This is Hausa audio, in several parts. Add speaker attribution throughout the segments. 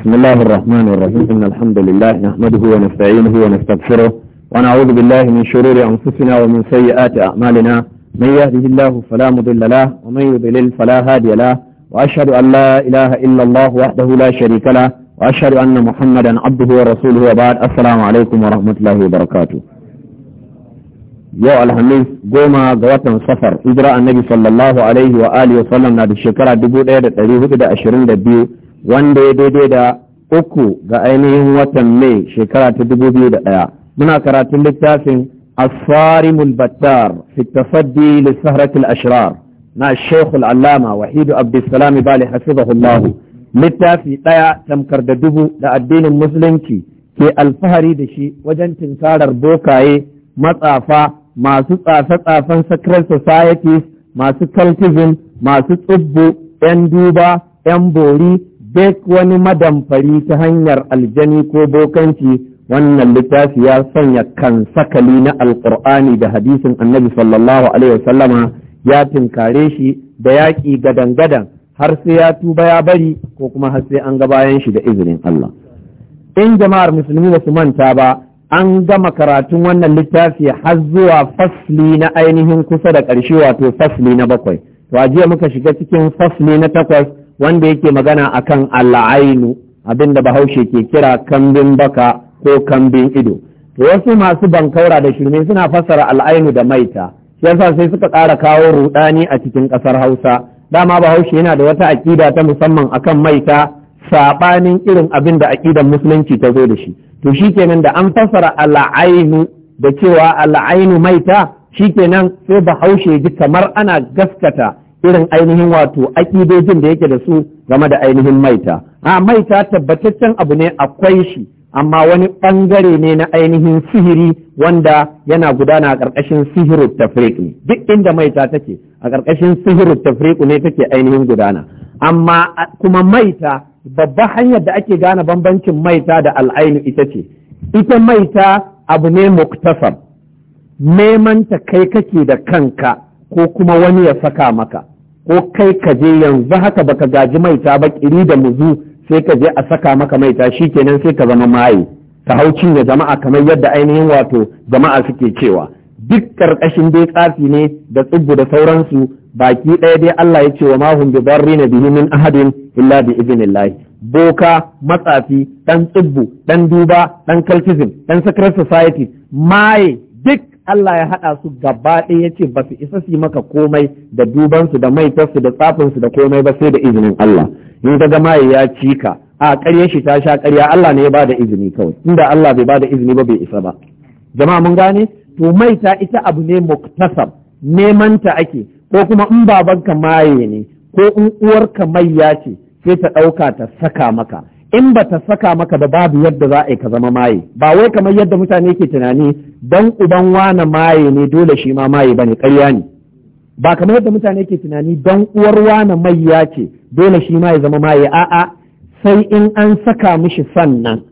Speaker 1: بسم الله الرحمن الرحيم إن الحمد لله نحمده ونستعينه ونستغفره ونعوذ بالله من شرور أنفسنا ومن سيئات أعمالنا من يهده الله فلا مضل له ومن يضلل فلا هادي له وأشهد أن لا إله إلا الله وحده لا شريك له وأشهد أن محمدا عبده ورسوله وبعد السلام عليكم ورحمة الله وبركاته yau alhamis goma ga watan safar hijira annabi sallallahu alaihi wa alihi wa sallam na da shekara 1422 wanda ya daidai da uku ga ainihin watan mai shekara ta dubu biyu da ɗaya muna karatun littafin asfari battar fi tafaddi lissahratil na shekul allama wahidu abdulsalam bali hafizahullahu littafi ɗaya tamkar da dubu da addinin musulunci ke alfahari da shi wajen tinkarar bokaye matsafa masu tsafe-tsafen secret societies masu cultism masu tsubbu 'yan duba 'yan bori duk wani madamfari ta hanyar aljani ko bokanci wannan littafi ya sanya sakali na alkur'ani da hadisin annabi sallallahu alaihi wasallama ya tinkare shi da yaƙi gadan-gadan har sai ya tuba ya bari ko kuma har sai an ga bayan shi da izinin Allah. In jama'ar musulmi ba su manta ba, an gama karatun wannan littafi har zuwa fasli na ainihin kusa da ƙarshe wato fasli na bakwai. To a jiya muka shiga cikin fasli na takwas wanda yake magana akan al'ainu abinda bahaushe ke kira kambin baka ko kambin ido to wasu masu bankaura da shirme suna fasara al'ainu da maita yasa sai suka ƙara kawo rudani a cikin ƙasar hausa dama bahaushe yana da wata aƙida ta musamman akan maita saɓanin irin abin da aƙidan musulunci ta zo da shi to shikenan da an fasara al'ainu da cewa al'ainu maita shi kenan sai bahaushe ji kamar ana gaskata irin ainihin wato aƙidojin da yake da su game da ainihin maita a maita tabbataccen abu ne akwai shi amma wani ɓangare ne na ainihin sihiri wanda yana gudana a ƙarƙashin sihiru tafriqu duk inda maita take a ƙarƙashin sihiru tafriqu ne take ainihin gudana amma kuma maita babba hanyar da ake gane bambancin maita da al'ainu ita ce ita maita abu ne muktasar. neman ta kai kake da kanka ko kuma wani ya saka maka ko kai ka je yanzu haka baka gaji maita ba kiri da muzu sai ka je a saka maka maita kenan sai ka zama maye ta hauci da jama'a kamar yadda ainihin wato jama'a suke cewa duk ƙarƙashin dai tsafi ne da tsibbu da sauransu baki ɗaya dai Allah ya ce wa mahun bi barrina bihi min ahadin illa bi idnillah boka matsafi ɗan tsibbu ɗan duba ɗan kalkizim ɗan secret society maye duk Allah ya haɗa su gaba ɗaya ya ce ba su isa su maka komai da dubansu da maitarsu da tsafinsu da komai ba sai da izinin Allah in ga maye ya cika a ƙarya shi ta sha ƙarya Allah ne ya ba da izini kawai inda Allah bai ba da izini ba bai isa ba jama'a mun gane to ta ita abu ne muktasab neman ta ake ko kuma in babanka maye ne ko in uwarka ya ce sai ta ɗauka ta saka maka in ba ta saka maka da babu yadda za a yi ka zama maye ba wai kamar yadda mutane ke tunani don uban wane maye ne dole shi ma maye bane ƙarya ne ba kamar yadda mutane ke tunani dan uwar wane mayya ce dole shi ma ya zama maye a'a sai in an saka mishi sannan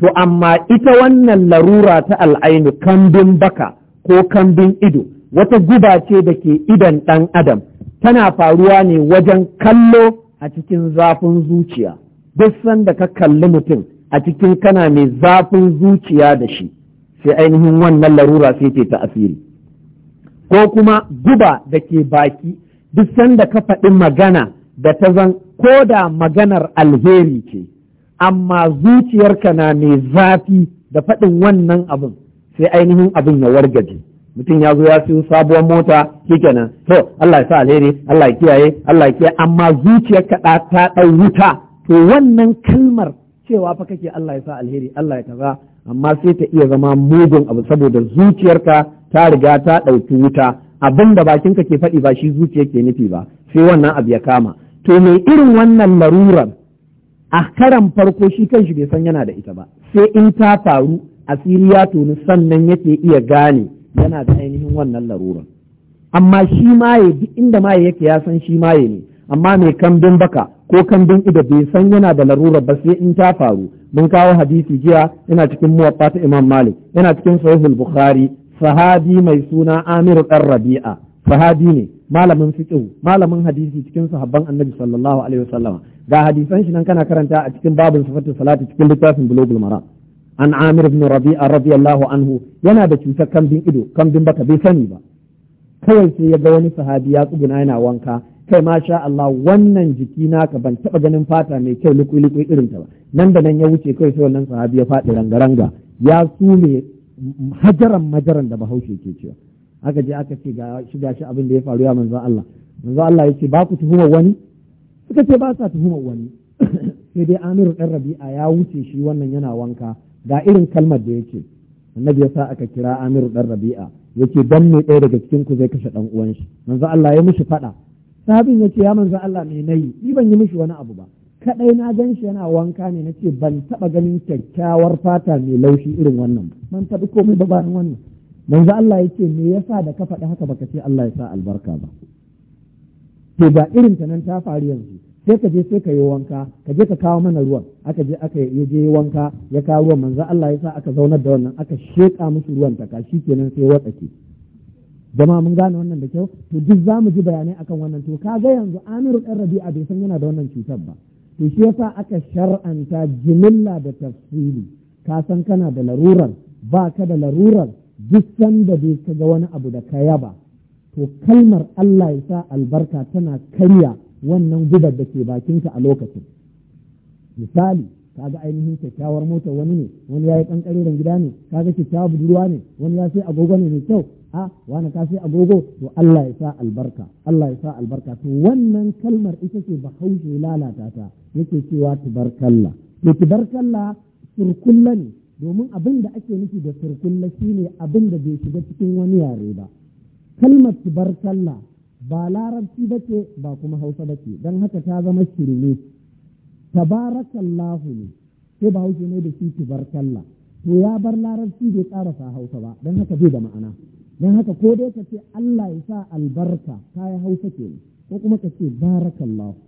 Speaker 1: to amma ita wannan larura ta al'ainu kambin baka ko kambin ido wata guba ce da ke idan ɗan adam tana faruwa ne wajen kallo a cikin zafin zuciya duk sanda ka kalli mutum a cikin kana mai zafin zuciya da shi sai ainihin wannan larura sai ce ta asiri ko kuma guba da ke baki duk sanda ka faɗi magana da ta zan ko da maganar alheri ce amma zuciyarka na mai zafi da faɗin wannan abin sai ainihin abin ya wargaje mutum ya zo ya siyo sabuwar mota kenan to Allah ya sa alheri Allah ya kiyaye Allah ya kiyaye amma zuciyar zuciyarka ta ɗau wuta to wannan kalmar cewa fa kake Allah ya sa alheri Allah ya kaza amma sai ta iya zama mugun abu saboda zuciyarka ta riga ta ɗauki wuta abin da bakinka ke faɗi ba shi zuciya ke nufi ba sai wannan abu ya kama to mai irin wannan larurar a karan farko shi kan shi bai san yana da ita ba sai in ta faru asiri ya toni sannan yake iya gane yana da ainihin wannan laruran. amma shi maye duk inda maye yake ya san shi maye ne amma mai kambin baka ko kambin ido bai san yana da larura ba sai in ta faru mun kawo hadisi jiya yana cikin muwatta ta Imam Malik yana cikin Sahihul Bukhari sahabi mai suna Amir dan Rabi'a sahabi ne malamin fiqh malamin hadisi cikin sahabban Annabi sallallahu alaihi wasallam ga hadisan shi nan kana karanta a cikin babin sifatu salati cikin littafin Bulughul Mara. an Amir ibn Rabi'a radiyallahu anhu yana da cutar kambin ido kambin baka bai sani ba kawai sai ya ga wani sahabi ya tsuguna yana wanka kai ma sha Allah wannan jiki ka ban taba ganin fata mai kyau likuli irin ta ba nan da nan ya wuce kai sai wannan sahabi ya faɗi ranga ranga ya sume hajaran majaran da bahaushe ke cewa aka je aka ce ga shi ga shi abin da ya faru ya manzo Allah manzo Allah yace ba ku tuhumar wani suka ce ba sa tuhuma wani sai dai Amiru dan Rabi'a ya wuce shi wannan yana wanka ga irin kalmar da yake annabi ya sa aka kira Amiru dan Rabi'a yake dan ne ɗaya daga cikin ku zai kashe dan uwan shi manzo Allah ya mishi faɗa sahabin ya ce ya manzo Allah me nayi ni ban yi mishi wani abu ba Kaɗai na gan shi yana wanka ne na ce ban taba ganin kyakkyawar fata mai laushi irin wannan ban taɓi komai ba bayan wannan manzo Allah ya ce me yasa da ka faɗi haka baka ce Allah ya sa albarka ba to ba irin ta nan ta faru yanzu sai ka je sai ka yi wanka ka je ka kawo mana ruwan aka je aka yi je wanka ya kawo ruwan manzo Allah ya sa aka zaunar da wannan aka sheka musu ruwan ta ka kenan sai watsake jama'a mun gane wannan da kyau to duk za mu ji bayanai akan wannan to ka ga yanzu amiru ɗan rabi'a bai san yana da wannan cutar ba to shi yasa aka shar'anta jimilla da tafsiri ka san kana da larurar ba ka da larurar duk sanda bai ka ga wani abu da ka yaba to kalmar Allah ya sa albarka tana karya wannan gubar da ke bakinka a lokacin misali ka ga ainihin kyakkyawar mota wani ne wani ya yi kankariren gida ne kaga kyakkyawar budurwa ne wani ya sai agogo ne mai kyau a wani ka sai agogo to Allah ya sa albarka Allah ya sa albarka to wannan kalmar ita ce bahaushe lalata ta yake cewa tubarkalla to tubarkalla surkulla ne domin abin da ake nufi da surkulla shine abin da bai shiga cikin wani yare ba kalmar tubarkalla ba larabci ba ce ba kuma hausa ba ce don haka ta zama shirme tabarakallahu ne sai bahaushe ne da shi tubarkalla to ya bar larabci bai ƙarasa hausa ba don haka zai da ma'ana don haka ko dai ka ce Allah ya sa albarka kayan hausa ke ko kuma ka ce barakallahu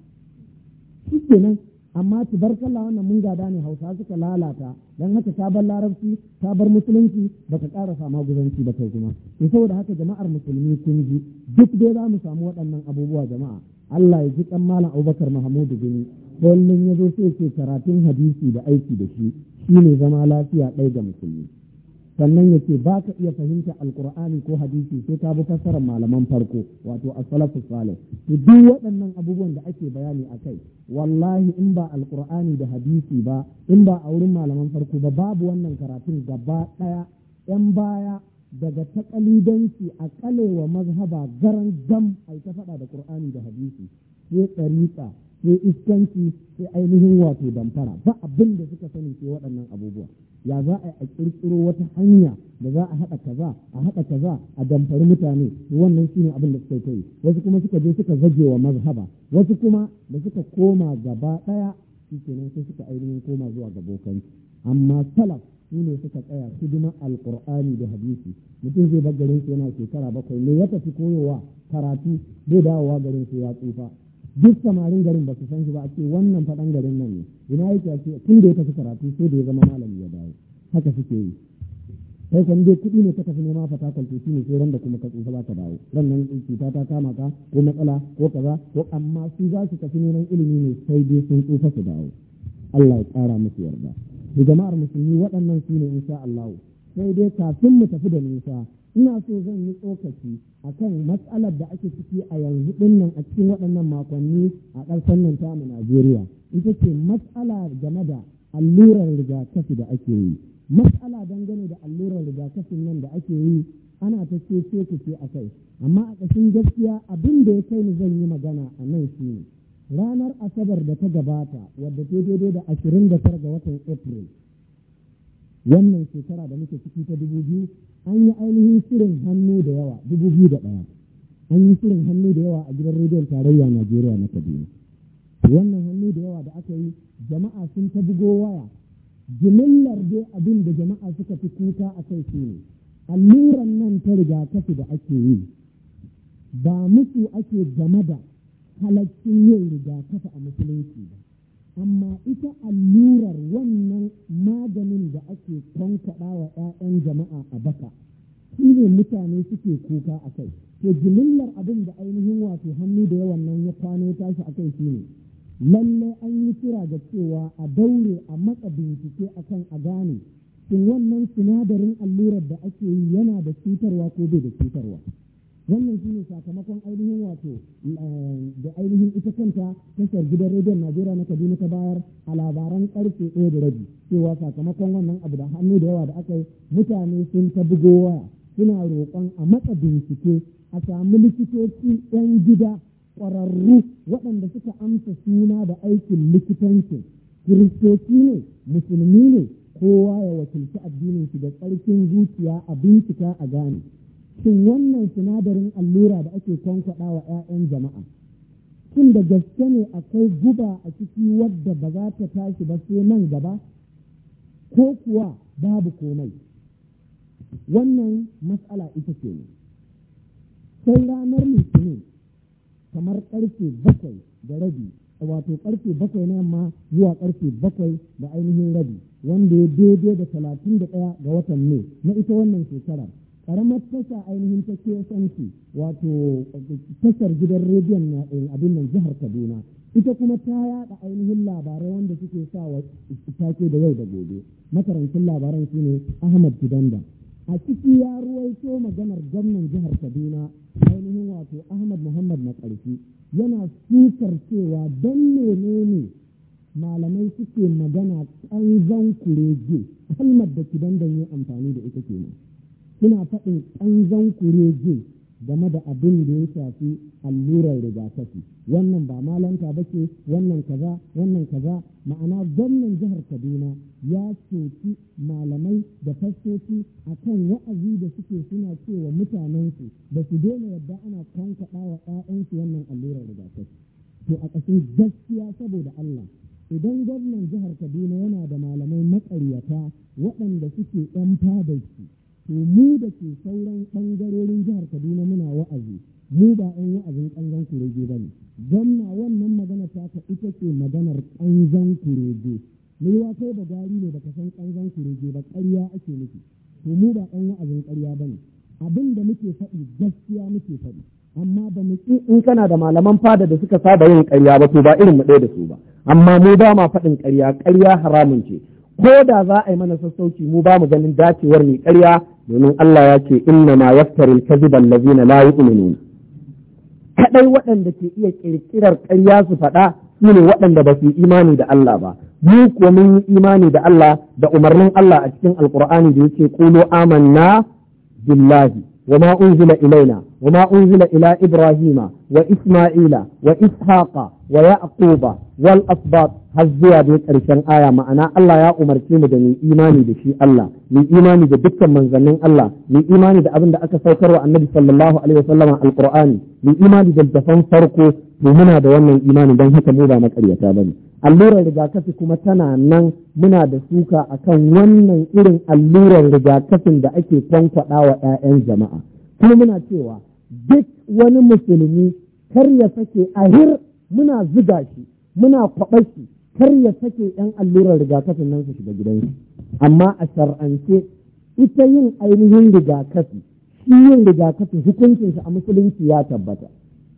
Speaker 1: shi nan amma tabarkallahu wannan mun gada ne hausa suka lalata don haka ta bar larabci ta bar musulunci ba ta ƙara sama guzanci ba kai kuma ya saboda haka jama'ar musulmi sun ji duk dai za mu samu waɗannan abubuwa jama'a Allah ya ji kan malam Abubakar Muhammadu Gini kullum ya zo sai ce karatun hadisi da aiki da shi shine zama lafiya ɗaya ga musulmi sannan ce ba ka iya fahimta Alƙur'ani ko hadisi sai ka bi fassarar malaman farko wato as-salafu salih duk waɗannan abubuwan da ake bayani a kai wallahi in ba Alƙur'ani da hadisi ba in ba a wurin malaman farko ba babu wannan karatun gaba ɗaya yan baya daga takalidanci a kalewa mazhaba garan gam ai ta faɗa da qur'ani da hadisi sai tsarika sai iskanci sai ainihin wato damfara ba abin da suka sani ke waɗannan abubuwa ya za a ƙirƙiro wata hanya da za a haɗa kaza a haɗa kaza a damfari mutane wannan shine abin da suka yi wasu kuma suka je suka zage wa mazhaba wasu kuma da suka koma gaba ɗaya shi nan sai suka ainihin koma zuwa ga bokanci amma salaf su ne suka tsaya hidima alƙur'ani da hadisi mutum zai bar garin su yana shekara bakwai me ya tafi koyowa karatu bai dawowa garin su ya tsufa duk samarin garin ba su san shi ba a ce wannan faɗan garin nan ne ina yake a ce tun da ya tafi karatu sai da ya zama malami ya dawo haka suke yi kai kan dai kuɗi ne ka tafi nema fata kwalce shi ne sai ran da kuma ka tsufa ba ka dawo ran nan cuta ta kama ka ko matsala ko kaza ko amma su za su tafi neman ilimi ne sai dai sun tsufa su dawo Allah ya ƙara musu yarda jama'ar musulmi waɗannan su ne insha Allah sai dai kafin mu tafi da nisa ina so zan yi tsokaci a kan matsalar da ake ciki a yanzu dinnan a cikin waɗannan makonni a ƙarshen nan tamu Najeriya ita ce matsala game da allurar rigakafi da ake yi matsala dangane da allurar rigakafin nan da ake yi ana ta ce ce ku ce a kai amma a ƙashin gaskiya abin da ya kai ni zan yi magana a nan shi ne ranar asabar da ta gabata wadda ta daidai da ashirin da ga watan april wannan shekara da muke ciki ta dubu biyu an yi ainihin shirin hannu da yawa dubu biyu da ɗaya an yi shirin hannu da yawa a gidan rediyon tarayya najeriya na kaduna wannan hannu da yawa da aka yi jama'a sun ta bugo waya jimillar dai abin da jama'a suka fi kuka a kai shi ne alluran nan ta rigakafi da ake yi ba musu ake game da halaccin yin rigakafi a musulunci ba amma ita allurar wannan maganin da ake tankaɗa wa 'ya'yan jama'a a baka shi ne mutane suke kuka a kai to jimillar abin da ainihin wato hannu da yawan nan ya kwano tashi a kai shi ne lallai an yi kira ga cewa a daure a matsa bincike kan a gane shin wannan sinadarin allurar da ake yi yana da cutarwa ko bai da cutarwa wannan ne sakamakon ainihin wato eh, da ainihin ita kanta tashar gidan rediyon najeriya na kaduna ta bayar a labaran karfe ɗaya da rabi cewa sakamakon wannan abu da hannu da yawa da aka yi mutane sun ta bugo suna roƙon a matsa bincike a sami likitoci 'yan gida ƙwararru waɗanda suka amsa suna da aikin likitancin kiristoci ne musulmi ne kowa ya wakilci addinin shi da ƙarfin zuciya a bincika a gane shin wannan sinadarin allura da ake kwankwaɗa wa 'ya'yan jama'a shin da gaske ne akwai guba a ciki wadda ba za ta tashi ba sai nan gaba ko kuwa babu komai wannan matsala ita ce ne sai ranar litinin kamar ƙarfe bakwai da rabi wato ƙarfe bakwai na yamma zuwa ƙarfe bakwai da ainihin rabi wanda ya daidai da talatin da ɗaya ga watan ne na ita wannan shekarar karamar tasha ainihin ta KSMC wato tashar gidan rediyon na eh, abin nan jihar Kaduna ita kuma ta yaɗa ainihin labarai wanda suke sa wa take da yau da gobe makarantun labaran ne Ahmad gidanda a ciki ya ruwaito maganar gwamnan jihar Kaduna ainihin wato Ahmad Muhammad na yana sukar cewa don menene malamai suke magana ƙanzon kurege kalmar da Kidandan yi amfani da ita kenan suna faɗin ƙanzon kurege game da abin da ya shafi allurar rigakafi wannan ba malanta ba ce wannan kaza wannan kaza ma'ana gwamnan jihar kaduna ya soki malamai da fastoci a kan wa'azi da suke suna cewa mutanensu da su daina yadda ana kankaɗa wa 'ya'yansu wannan allurar rigakafi to a ƙashin gaskiya saboda allah idan gwamnan jihar kaduna yana da malamai maƙaryata waɗanda suke 'yan fadarsu to mu da ke sauran ɓangarorin jihar kaduna muna wa'azi mu ba ɗan wa'azin ƙanzon kurege ba ne gwamna wannan magana ta ka ita ce maganar ƙanzon kurege wa kai da gari ne baka san ƙanzon kurege ba ƙarya ake nufi to mu ba ɗan wa'azin ƙarya ba ne abin da muke faɗi gaskiya muke faɗi amma ba mu in kana da malaman fada da suka saba yin ƙarya ba to ba irin mu ɗaya da su ba amma mu ba ma faɗin ƙarya ƙarya haramun ce ko da za a yi mana sassauci mu ba mu ganin dacewar mai ƙarya domin Allah ya ce inna ma yaftaril kadhiba allazina la yu'minun kadai waɗanda ke iya kirkirar ƙarya su faɗa su ne waɗanda ba su imani da Allah ba mu ko mun yi imani da Allah da umarnin Allah a cikin Alƙur'ani da yake qulu amanna billahi wa ma unzila ilaina وما أنزل إلى إبراهيم وإسماعيل وإسحاق ويعقوب والأسباط هزيا بيت أرشان آية معنا الله يا أمر كيما دا من إيماني دا شي الله من إيماني دا دكا من ظنين الله من إيماني دا أبن دا أكا سوكر النبي صلى الله عليه وسلم القرآن من إيماني دا الجفن فرقو ومنا دا وانا إيماني دا هكا مودا مكاريا تابني allurar rigakafi kuma tana nan muna da suka akan wannan irin allurar rigakafin da ake kwankwaɗa wa 'ya'yan jama'a kuma muna cewa duk wani musulmi kar ya sake ahir muna zuga shi muna kwaɓa shi kar ya sake yan allurar rigakafin nan su shiga gidan shi amma a shar'ance ita yin ainihin rigakafi shi yin rigakafi hukuncinsa a musulunci ya tabbata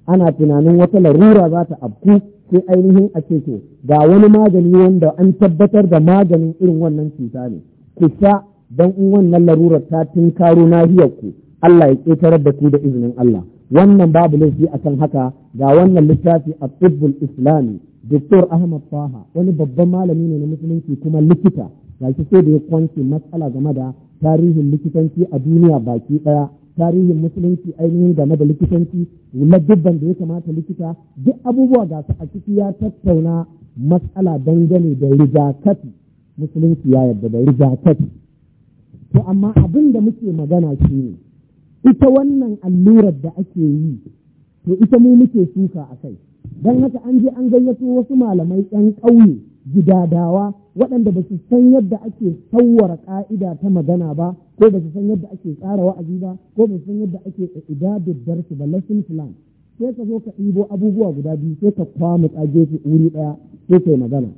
Speaker 1: ana tunanin wata larura za ta afku sai ainihin a ce to ga wani magani wanda an tabbatar da maganin irin wannan cuta ne ku sha don in wannan larurar ta tunkaro nahiyar ku Allah ya ƙetarar da ku da izinin Allah wannan babu laifi a kan haka ga wannan littafi a tsibbul islami Dr. Ahmad Faha wani babban malami ne na musulunci kuma likita ga shi sai da ya kwanci matsala game da tarihin likitanci a duniya baki ɗaya tarihin musulunci ainihin game da likitanci dubban da ya kamata likita duk abubuwa ga su a ciki ya tattauna matsala dangane da rigakafi musulunci ya yarda da rigakafi to amma abin da muke magana shi ne ita wannan allurar da ake yi to ita mu muke shuka a kai don haka an je an gayyato wasu malamai yan ƙauye gidadawa waɗanda ba su san yadda ake sauwara ƙa'ida ta magana ba ko ba su san yadda ake tsara wa'azi ba ko ba su san yadda ake idadin darsu ba lesson plan sai ka zo ka ɗibo abubuwa guda biyu sai ka kwamuka su wuri ɗaya sai ka magana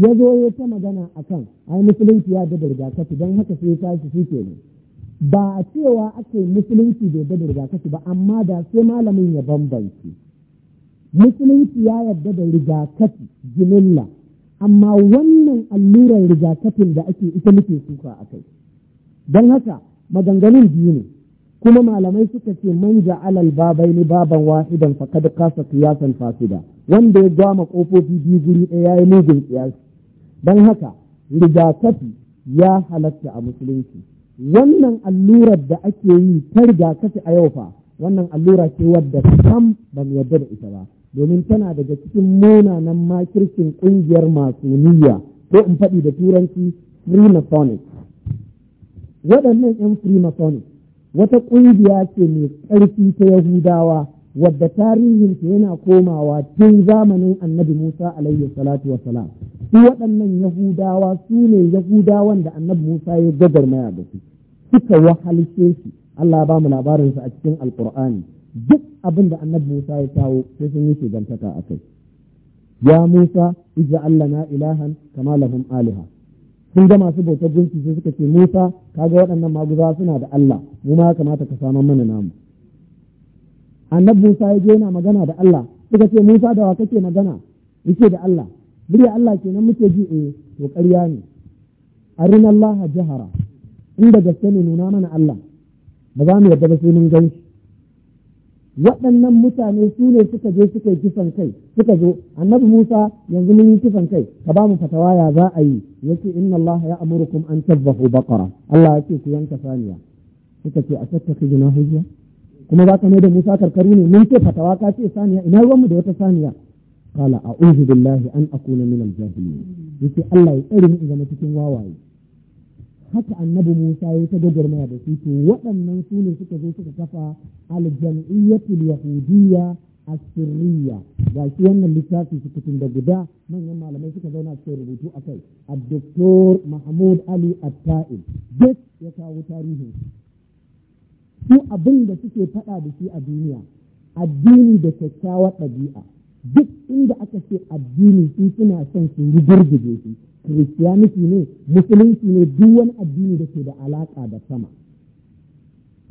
Speaker 1: ya zo ya ta magana akan ai musulunci ya da rigakafi don haka sai ya tashi shi ke ne ba a cewa ake musulunci bai da rigakafi ba amma da sai malamin ya bambance musulunci ya yarda da rigakafi jimilla amma wannan allurar rigakafin da ake ita muke suka a kai don haka maganganun biyu ne kuma malamai suka ce man alal babai ni baban wahidan faqad kasa qiyasan fasida wanda ya gama kofofi biyu guri ɗaya yayi mugun kiyasi don haka rigakafi ya halatta a musulunci wannan allurar da ake yi ta rigakafi a yau fa wannan allura ce wadda sam ba mu yarda da ita ba domin tana daga cikin munanan makircin ƙungiyar masu niyya ko in faɗi da turanci freemasonic waɗannan 'yan freemasonic wata ƙungiya ce mai ƙarfi ta yahudawa wadda tarihinta yana komawa tun zamanin annabi musa alayhi salatu wasalam su waɗannan yahudawa su ne yahudawan da annabi musa ya gagarmaya da su suka wahalce shi allah ya ba mu labarinsa a cikin alkur'ani duk abin da annabi musa ya kawo sai sun yi shugantaka a kai ya musa ija allah na ilahan kama lahum aliha sun ga masu bautar gunki sai suka ce musa kaga waɗannan maguza suna da allah mu ma ya kamata ka samar mana namu annabi musa ya je yana magana da allah suka ce musa da wa kake magana yake da allah murya Allah kenan muke ji eh to ƙarya ne arina Allah jahara inda gaske ne nuna mana Allah ba za mu yarda ba sai mun gan shi waɗannan mutane su ne suka je suka yi kisan kai suka zo annabi Musa yanzu mun yi kisan kai ka ba mu fatawa ya za a yi yace inna Allah ya amurukum an tadhbahu baƙara. Allah ya ce ku yanka saniya suka ce a tattakhiduna hujja kuma za ka mai da Musa karkaru ne mun ce fatawa ka ce saniya ina ruwan mu da wata saniya qala a'udhu billahi an akuna min al-jahilin yace Allah ya tsare ni zama cikin wawaye haka annabi Musa ya ta gwagwarmaya da su to waɗannan su ne suka zo suka kafa aljam'iyyatul yahudiyya asirriya ga shi wannan littafi su kutun da guda manyan malamai suka zauna su rubutu a kai a doktor mahmud ali atta'il duk ya kawo tarihin su abin da suke faɗa da shi a duniya addini da kyakkyawar ɗabi'a duk inda aka ce addini su suna son su rugurguje su. kiristiyaniki ne musulunci ne duk wani addini da ke da alaƙa da sama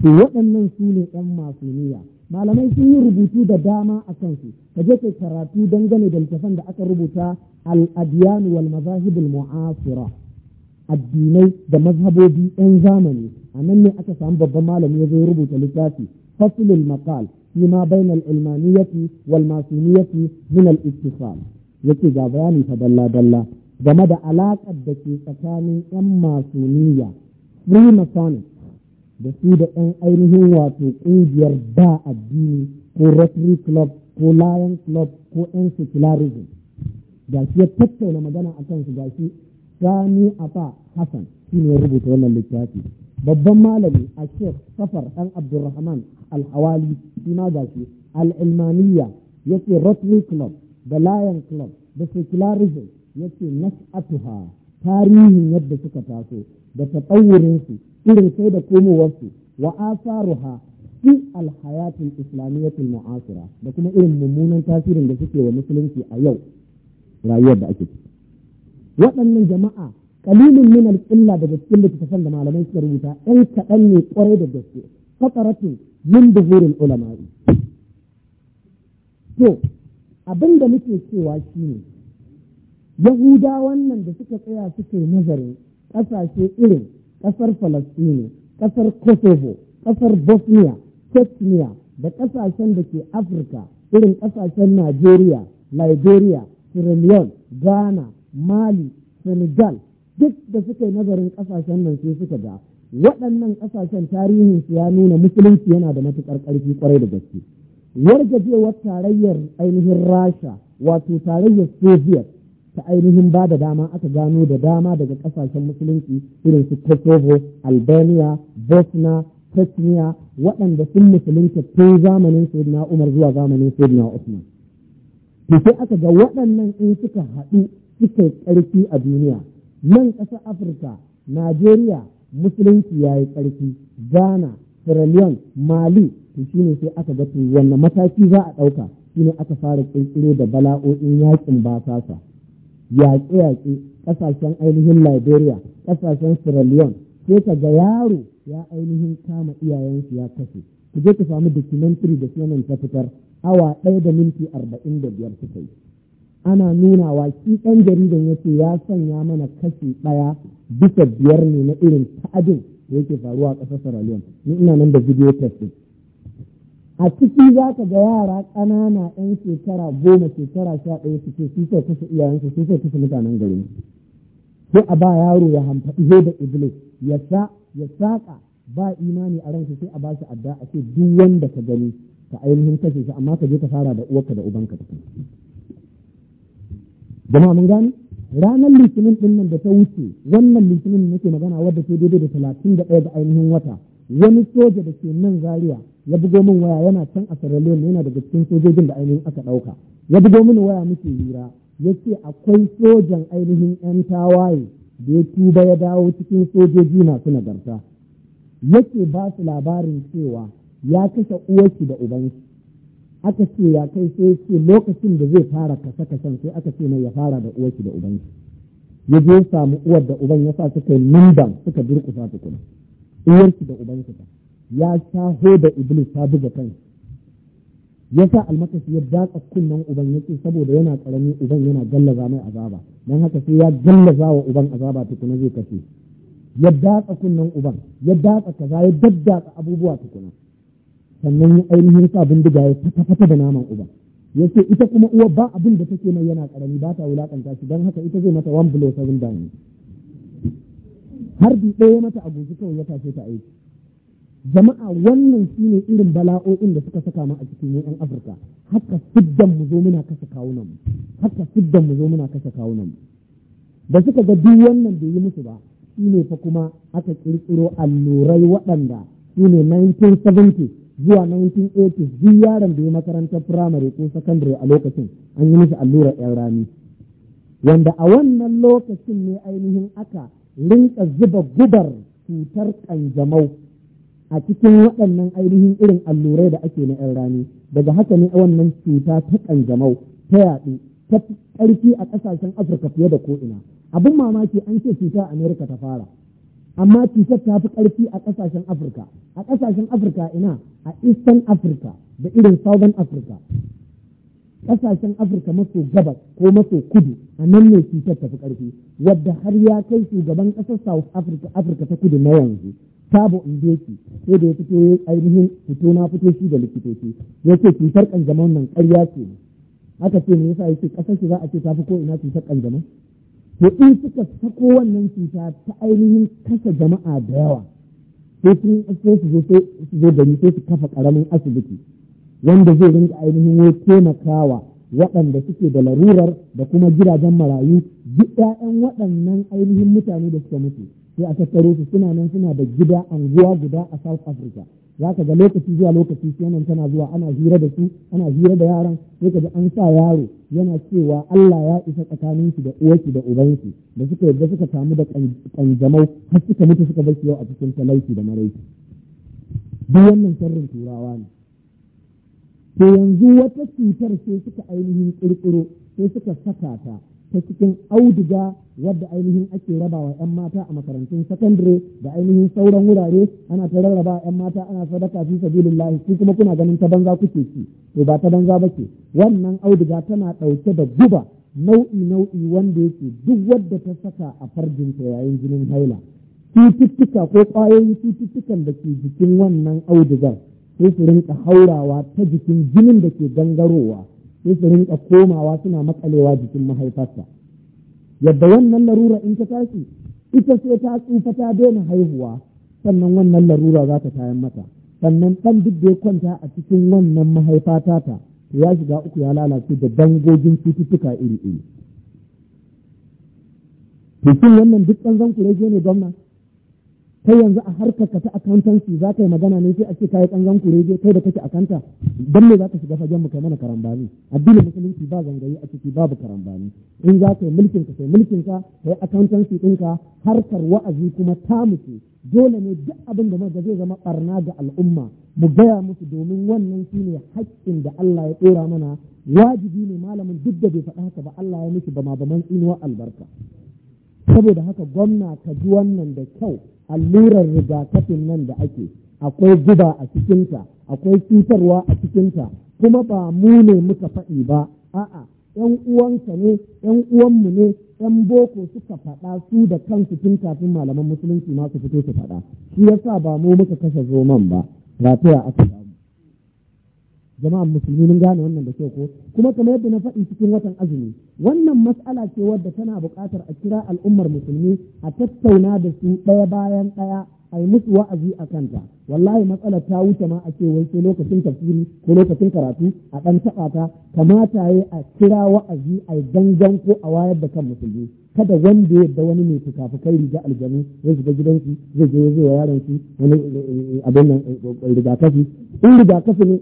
Speaker 1: to waɗannan su ne ‘yan niyya malamai sun yi rubutu da dama a kansu ka je kai karatu dangane da littafan da aka rubuta al-adyan wal mazahibul mu'asira addinai da mazhabobi ɗan zamani a nan ne aka samu babban malami ya zo rubuta littafi faslul maqal فيما بين العلمانية والماسونية من الاتصال yake ga bayani ta dalla-dalla game da alaƙar da ke tsakanin 'yan masoniya freemasonic da su da 'yan ainihin wato ƙungiyar ba addini ko rotary club ko lion club ko 'yan secularism ga shi ya tattauna magana a kansu ga shi sani afa hassan shi ne rubuta wannan littafi babban malami a shek safar ɗan abdulrahman alhawali shi ma ga shi al'ilmaniya ya ce rotary club da lion club da secularism ya ce nas'atuha tarihin yadda suka taso da taɓawurinsu irin sai da komowarsu wa asaruha fi alhayatin islamiyyatul mu'asira da kuma irin mummunan tasirin da suke wa musulunci a yau rayuwar da ake ciki waɗannan jama'a kalilin min al-illa daga cikin littattafan da malamai suka rubuta ɗan kaɗan ne ƙwarai da gaske fataratu min duhurin ulama'i to abin da muke cewa shine yahuda wannan da suka tsaya suke nazarin ƙasashe irin ƙasar falastini ƙasar kosovo ƙasar bosnia chechnya da ƙasashen da ke afirka irin ƙasashen najeriya liberia sierra leone ghana mali senegal duk da suka yi nazarin ƙasashen nan sai suka ga waɗannan ƙasashen tarihin su ya nuna musulunci yana da matuƙar ƙarfi ƙwarai da gaske wargajewar tarayyar ainihin rasha wato tarayyar soviet ta ainihin ba da dama aka gano da dama daga ƙasashen musulunci irin su kosovo albania bosnia Tasmiya waɗanda sun musulunta tun zamanin Sayyidina Umar zuwa zamanin Sayyidina Usman. To sai aka ga waɗannan in suka haɗu suka ƙarfi a duniya nan ƙasar afirka najeriya musulunci ya yi ƙarfi ghana sierra leone mali to ne sai aka ga wannan mataki za a ɗauka shi ne aka fara ƙirƙiro da bala'o'in yakin basasa yaƙe-yaƙe ƙasashen ainihin liberia ƙasashen sierra leone sai ka ga yaro ya ainihin kama iyayensu ya kashe ku je ku samu documentary da sunan ta fitar awa ɗaya da minti arba'in da biyar suka yi ana nuna wa shi ɗan jaridan ya ce ya sanya mana kashi ɗaya bisa biyar ne na irin ta'adin da yake faruwa a ƙasar Sierra Leone ni ina nan da video tape a ciki za ka ga yara ƙanana ɗan shekara goma shekara sha ɗaya su ce sun sai kusa iyayensu su sai kusa mutanen garin Ko a ba yaro ya hamfaɗi da iblis ya sa ya saƙa ba imani a ransa sai a ba shi adda a ce duk wanda ka gani ka ainihin kashe shi amma ka je ka fara da uwarka da ubanka tukun jama'a mun gani ranar litinin din nan da ta wuce wannan litinin nake magana wadda ke daidai da talatin da ɗaya ga ainihin wata wani soja da ke nan zaria ya bugo min waya yana can a sierra leone yana daga cikin sojojin da ainihin aka ɗauka ya bugo mini waya muke hira ya ce akwai sojan ainihin yan tawaye da ya tuba ya dawo cikin sojoji masu nagarta yake ba su labarin cewa ya kashe uwarsu da ubansu aka ce ya kai sai ce lokacin da zai fara kasa kasan sai aka ce mai ya fara da uwarki da ubanki ya je samu uwar da uban ya sa suka yi nimban suka durkusa tukuna uwarki da ubanki ta ya shaho da iblis ta buga kan ya sa almakashi ya datsa kunnen uban ya ce saboda yana karami uban yana gallaza mai azaba don haka sai ya gallaza wa uban azaba tukuna zai kashe ya datsa kunnen uban ya datsa kaza ya daddatsa abubuwa tukuna sannan ya ainihin sa bindiga ya fata fata da naman uba Ya ce ita kuma uwa ba abin da take mai yana karami ba ta wulakanta shi don haka ita zai mata one blow seven down har bi ɗaya mata a guji kawai ya tashe ta aiki jama'a wannan shine irin bala'o'in da suka saka mu a cikin yan afirka haka siddan mu zo muna kasa kawunan mu haka siddan mu zo muna kasa kawunan mu da suka ga duk wannan bai yi musu ba shine fa kuma aka ƙirƙiro allurai waɗanda shine 1970 zuwa 1980 duk yaron da ya makarantar firamare ko sakandare a lokacin an yi masa allurar yan rami, wanda a wannan lokacin ne ainihin aka rinka zuba gubar cutar ƙanjamau a cikin waɗannan ainihin irin allurai da ake na yan rami. daga haka ne wannan cuta ta kanjamau ta yaɗu ta ƙarfi a ƙasashen afirka fiye da ko'ina abin mamaki an ce cuta amerika ta fara amma cutar ta fi ƙarfi a ƙasashen afirka a ƙasashen afirka ina a eastern africa da irin southern africa ƙasashen afirka maso gabas ko maso kudu a nan ne cutar ta fi ƙarfi wadda har ya kai shugaban ƙasar south africa afirka ta kudu na yanzu tabo indeki sai da ya fito ya ainihin fito na fito shi da likitoci ya ce cutar ƙanjamau nan ƙarya ce Aka ce me yasa ce ƙasar shi za a ce ta fi ko ina cutar ƙanjamau? to in suka sako wannan cuta ta ainihin kasa jama'a da yawa sai su zo su zo da sai su kafa ƙaramin asibiti wanda zai rinka ainihin ya taimakawa waɗanda suke da larurar da kuma gidajen marayu duk ƴaƴan waɗannan ainihin mutane da suka mutu sai a tattaro su suna nan suna da gida anguwa guda a South Africa za ka ga lokaci zuwa lokaci nan tana zuwa ana hira da su ana hira da yaran sai ka ji an sa yaro yana cewa Allah ya isa tsakanin da uwarki da ubanki da suka yadda suka samu da ƙanjamau har suka mutu suka bar yau a cikin talauci da maraiki duk wannan sharrin turawa ne to yanzu wata cutar sai suka ainihin kirkiro sai suka saka ta ta cikin auduga wadda ainihin ake raba wa 'yan mata a makarantun sakandare da ainihin sauran wurare ana ta rarraba 'yan mata ana sadaka fi sabilillahi ku kuma kuna ganin ta banza kuke ci to ba ta banza ba ke. wannan auduga tana ɗauke da guba nau'i nau'i wanda yake duk wadda ta saka a ta yayin jinin haila cututtuka ko ƙwayoyin cututtukan da ke jikin wannan audugar sai su rinka haurawa ta jikin jinin da ke gangarowa sai su suna matsalewa jikin mahaifarsa yadda wannan larura in ta tashi ita sai ta tsufa ta daina haihuwa sannan wannan larura za ta tayan mata sannan ɗan duk da ya kwanta a cikin wannan mahaifa to ya shiga uku ya lalace da dangogin cututtuka iri-iri. Bikin wannan duk ɗan zan je ne gwamna. kai yanzu a harkar ka ta accountancy za ka yi magana ne sai a ce kayi kanzan je kai da kake akanta dan me za ka shiga fagen mu kai mana karambani addinin musulunci ba zangayi a ciki babu karambani in za ka yi mulkin ka sai mulkin ka kai accountancy ɗinka harkar wa'azi kuma ta mutu dole ne duk abin da muka zai zama barna ga al'umma mu gaya musu domin wannan shi ne haƙƙin da Allah ya ɗora mana wajibi ne malamin duk da bai faɗa haka ba Allah ya mishi bama baman tsinuwa albarka saboda haka gwamna ka ji wannan da kyau allurar rigakafin nan da ake akwai guba a cikinta akwai cutarwa a cikinta kuma ba mu ne muka faɗi ba a'a yan uwanka ne yan uwanmu ne yan boko suka faɗa su da kansu tun kafin malaman musulunci ma su fito su faɗa shi yasa ba mu muka kashe zoman ba rafiya a jama'an musulmi mun gane wannan da kyau ko kuma kamar yadda na faɗi cikin watan azumi wannan mas'ala ce wadda tana buƙatar a kira al'ummar musulmi a tattauna da su ɗaya bayan ɗaya a yi musu wa'azi a kanta wallahi matsalar ta wuce ma a ce wai sai lokacin tafsiri ko lokacin karatu a ɗan taɓa ta kamata ya a kira wa'azi a yi gangan ko a wayar da kan musulmi kada wanda ya da wani mai fukafukai riga aljanu ya shiga gidansu zai je zai wa yaron su wani eh, abin nan eh, rigakafi in rigakafi ne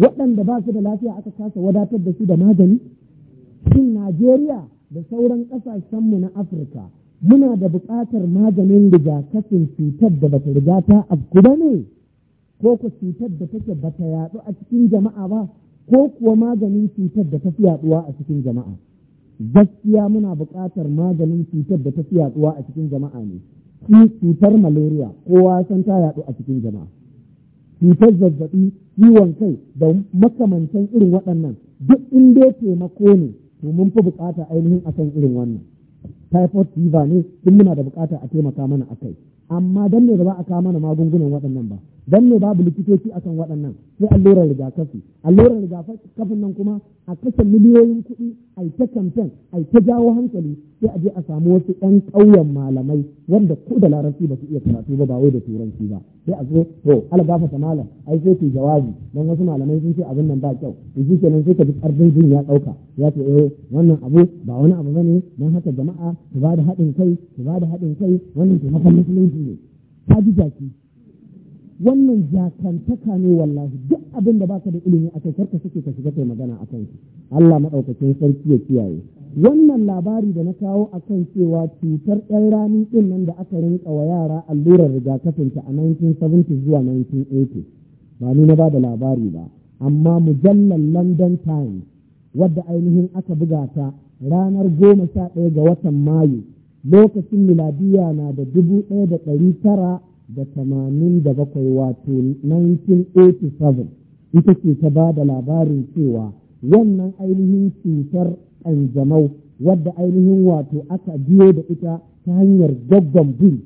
Speaker 1: waɗanda ba su da lafiya aka kasa wadatar da su da magani shin Najeriya da sauran ƙasashen mu na Afirka muna da buƙatar maganin rigakafin cutar da bata riga ta afku ne ko ku cutar da take bata yaɗu a cikin jama'a ba ko kuwa maganin cutar da ta fi yaɗuwa a cikin jama'a gaskiya muna buƙatar maganin cutar da ta fi yaduwa a cikin jama'a ne shi cutar malaria kowa san ta yaɗu a cikin jama'a cutar zazzaɓi ciwon kai da makamantan irin waɗannan duk in dai taimako ne to mun fi buƙata ainihin a kan irin wannan typhoid fever ne duk muna da buƙata a taimaka mana akai amma dan ne ba a kawo mana magungunan waɗannan ba dan ne babu likitoci kan waɗannan sai allurar rigakafi allurar rigakafin nan kuma a kashe miliyoyin kuɗi a yi ta kamfen a yi ta jawo hankali sai a je a samu wasu ɗan ƙauyen malamai wanda ko da larabci ba su iya karatu ba ba wai da turanci ba sai a zo to algafa ta malam ai sai ku jawabi don wasu malamai sun ce abin nan ba kyau yanzu kenan sai ka ji ƙarfin jin ya ɗauka ya ce eh wannan abu ba wani abu bane dan haka jama'a su ba da haɗin kai su ba da haɗin kai wannan taimakon musulunci ne ta ji jaki wannan jakantaka ne wallahi duk abin da baka da ilimi a kai karka suke ka shiga kai magana a kansu Allah maɗaukacin sarki ya kiyaye wannan labari da na kawo a kan cewa cutar ɗan rani ɗin nan da aka rinka wa yara allurar rigakafinta a 1970 zuwa 1980 ba ni na ba da labari ba amma mujallar London Times wadda ainihin aka buga ta ranar goma sha ɗaya ga watan Mayu lokacin miladiya na da dubu ɗaya da ɗari tara da tamanin da bakwai wato 1987 ita ce ta ba da labarin cewa wannan ainihin cutar ƙanjamau wadda ainihin wato aka biyo da ita ta hanyar gaggon bin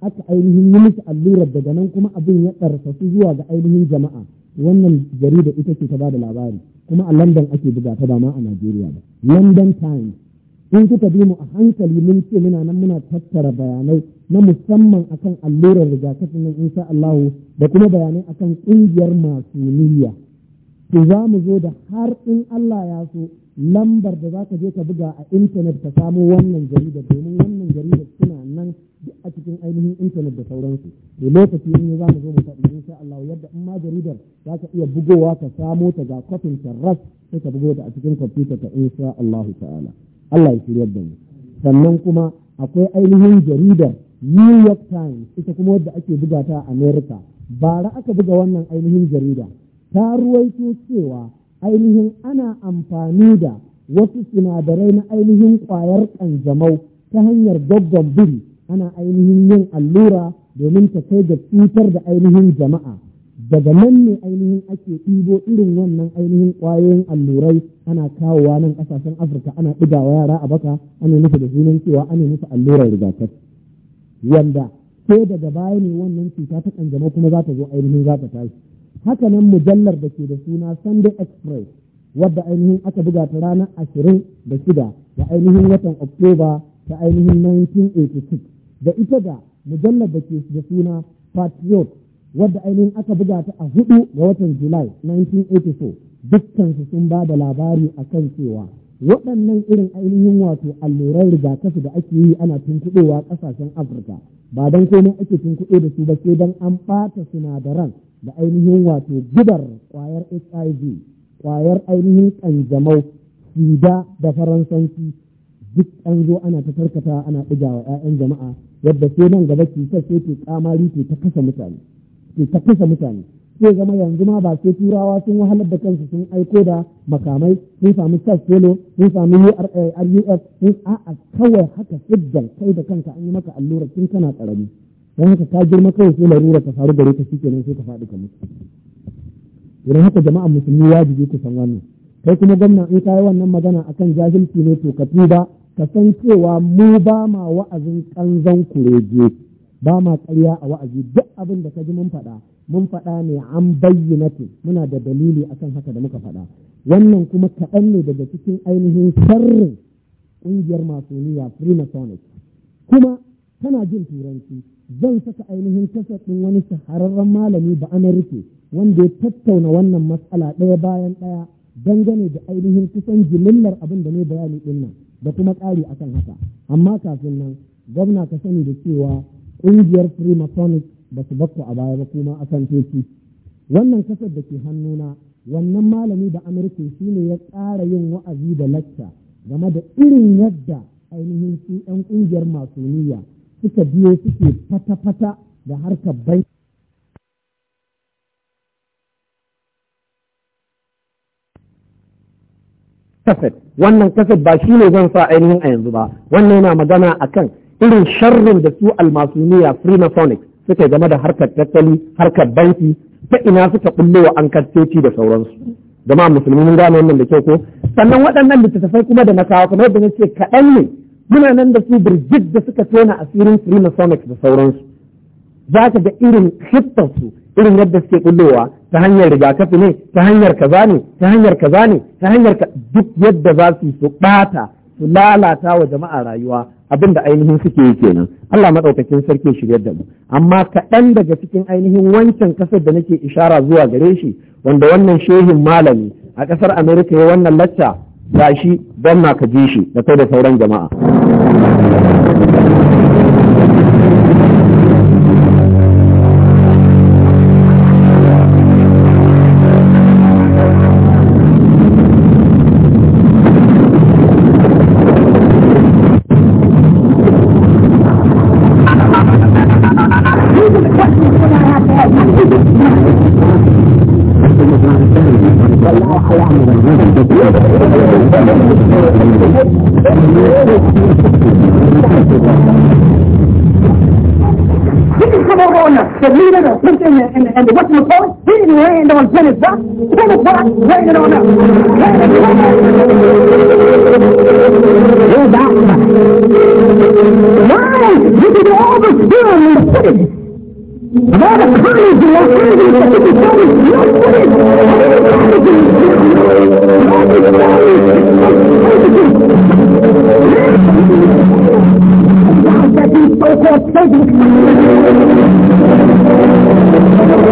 Speaker 1: aka ainihin yi musu allurar daga nan kuma abin ya su zuwa ga ainihin jama'a wannan jarida ita ce ta ba da labari kuma a london ake buga ta ba ma a najeriya ba london times in kuka bi mu a hankali mun ce muna nan muna tattara bayanai na musamman akan allurar rigakafi nan insha Allah da kuma bayanai akan kungiyar masu niyya to za mu zo da har in Allah ya so lambar da za ka je ka buga a intanet ka samu wannan jaridar domin wannan jaridar suna nan duk a cikin ainihin intanet da sauransu to lokaci in za mu zo mu faɗi insha Allah yadda in ma jaridar za ka iya bugowa ka samo ta ga kwafin ta sai ka bugo ta a cikin kwamfuta ta insha Allah ta'ala Allah ya shirya da mu sannan kuma akwai ainihin jaridar New York Times ita kuma wadda ake buga ta a America bara aka buga wannan ainihin jarida ta ruwaito cewa ainihin ana amfani da wasu sinadarai na ainihin ƙwayar ƙanjamau ta hanyar gaggon biri ana ainihin yin allura domin ta kai ga cutar da ainihin jama'a daga nan ne ainihin ake ɗibo irin wannan ainihin ƙwayoyin allurai ana kawowa nan ƙasashen afirka ana ɗigawa yara a baka ana nufa da sunan cewa ana nufi allurar rigakafi wanda ko daga baya ne wannan cuta ta kanjamau kuma za ta zo ainihin za ta tashi haka nan mujallar da ke da suna sunday express wadda ainihin aka buga ta ranar ashirin da shida da ainihin watan oktoba ta ainihin 1986 da ita da mujallar da ke da suna patriot wadda ainihin aka buga ta a hudu ga watan Julai 1984 dukkansu sun ba da labari a kan cewa waɗannan irin ainihin wato alluran rigakafi da ake yi ana tunkuɗowa ƙasashen Afirka ba don komai ake tunkuɗo da su ba sai don an ɓata sinadaran da ainihin wato gubar ƙwayar HIV ƙwayar ainihin ƙanjamau sida da faransanci duk an zo ana ta karkata ana ɗiga wa 'ya'yan jama'a yadda sai nan gaba cutar sai ke kamari ke ta kasa mutane ke ta mutane sai zama yanzu ma ba sai turawa sun wahalar da kansu sun aiko da makamai sun sami sas solo sun sami rus sun a'a kawai haka hujjan kai da kanka an yi maka allura tun kana karami don haka ka girma kawai sai larura ta faru gare ka nan sai ka faɗi ka mutu idan haka jama'a musulmi wajibi ku san wannan kai kuma gwamna in ka yi wannan magana akan jahilci ne to ka tuba ka san cewa mu ba ma wa'azin kanzon kurege ba ma ƙarya a wa'azi duk abin da ka ji mun faɗa mun faɗa ne an bayyanatu muna da dalili akan haka da muka faɗa wannan kuma kaɗan ne daga cikin ainihin sharrin ƙungiyar masu masoniya freemasonic kuma tana jin turanci zan saka ainihin kasafin wani shahararren malami ba amerika wanda ya tattauna wannan matsala ɗaya bayan ɗaya dangane da ainihin kusan jimillar abin da ne bayani ɗin nan da kuma ƙari akan haka amma kafin nan gwamna ka sani da cewa ƙungiyar freemasonic ba su bakku a baya ba kuma a kan teki wannan kasar da ke hannuna wannan malami da amurka shi ne ya ƙara yin wa'azi da lacca game da irin yadda ainihin su 'yan ƙungiyar masoniya suka biyo suke fata-fata da harkar bai wannan kasar ba shi ne zan sa ainihin a yanzu ba wannan yana magana a kan. irin sharrin da su almasuniya freemasonic suka game da harkar tattali harkar banki ta ina suka bullo wa an da sauransu jama'a musulmi mun gane wannan da kyau ko sannan waɗannan littattafai kuma da na kawo kamar yadda na kaɗan ne muna nan da su birjit da suka tona asirin freemasonic da sauransu za ka ga irin su irin yadda suke kullowa ta hanyar rigakafi ne ta hanyar kaza ne ta hanyar kaza ne ta hanyar duk yadda za su su ɓata su lalata wa jama'a rayuwa abin da ainihin suke yi kenan Allah maɗaukakin sarki shigar da mu amma kaɗan daga cikin ainihin wancan kasar da nake ishara zuwa gare shi wanda wannan shehin malami a ƙasar Amerika ya wannan lacca shi don na ka ji shi da kai da sauran jama'a
Speaker 2: on huh? Genesis, Pentecost waited on us. Waited on us. You're about Why? You can do all the fear in the city. Of all the courage and alternative that you can tell me, no city. All the courage and so-called Satan.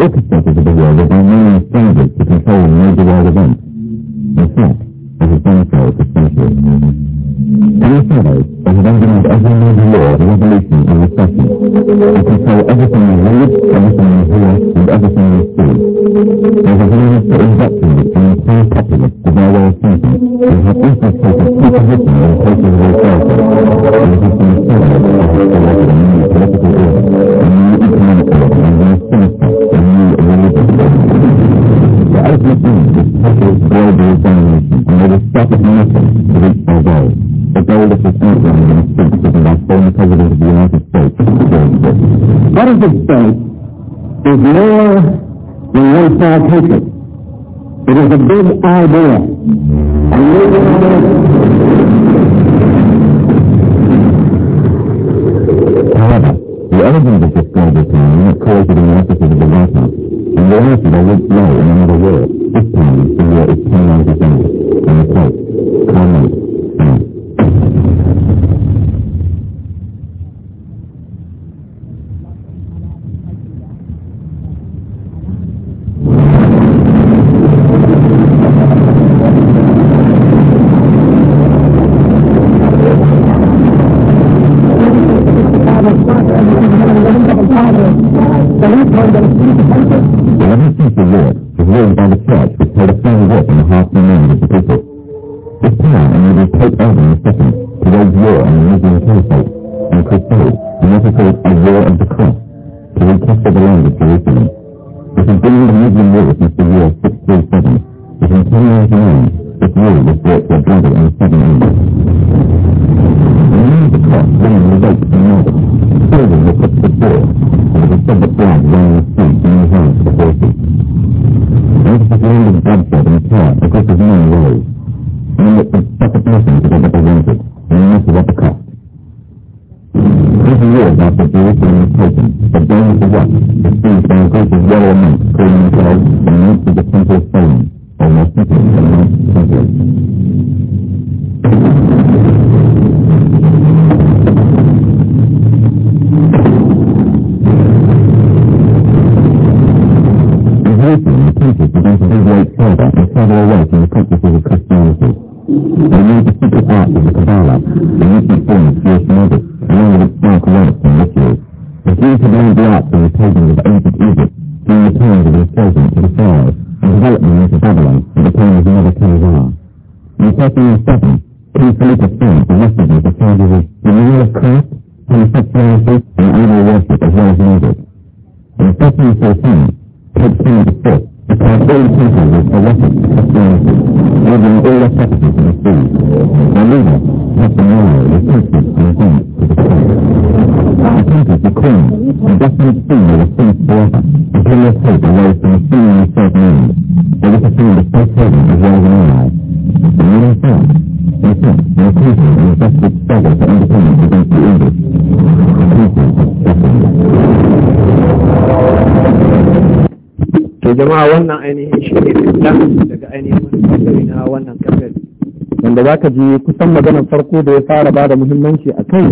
Speaker 2: orchestrators of the world are by no means standard to controlling major world events. In fact, it has done so for centuries. Any surveys that have undermined every major law of evolution and recession, and control everything is more than one small paper. It is a big idea.
Speaker 1: za ka je kusan maganar farko da ya fara ba da muhimmanci a kai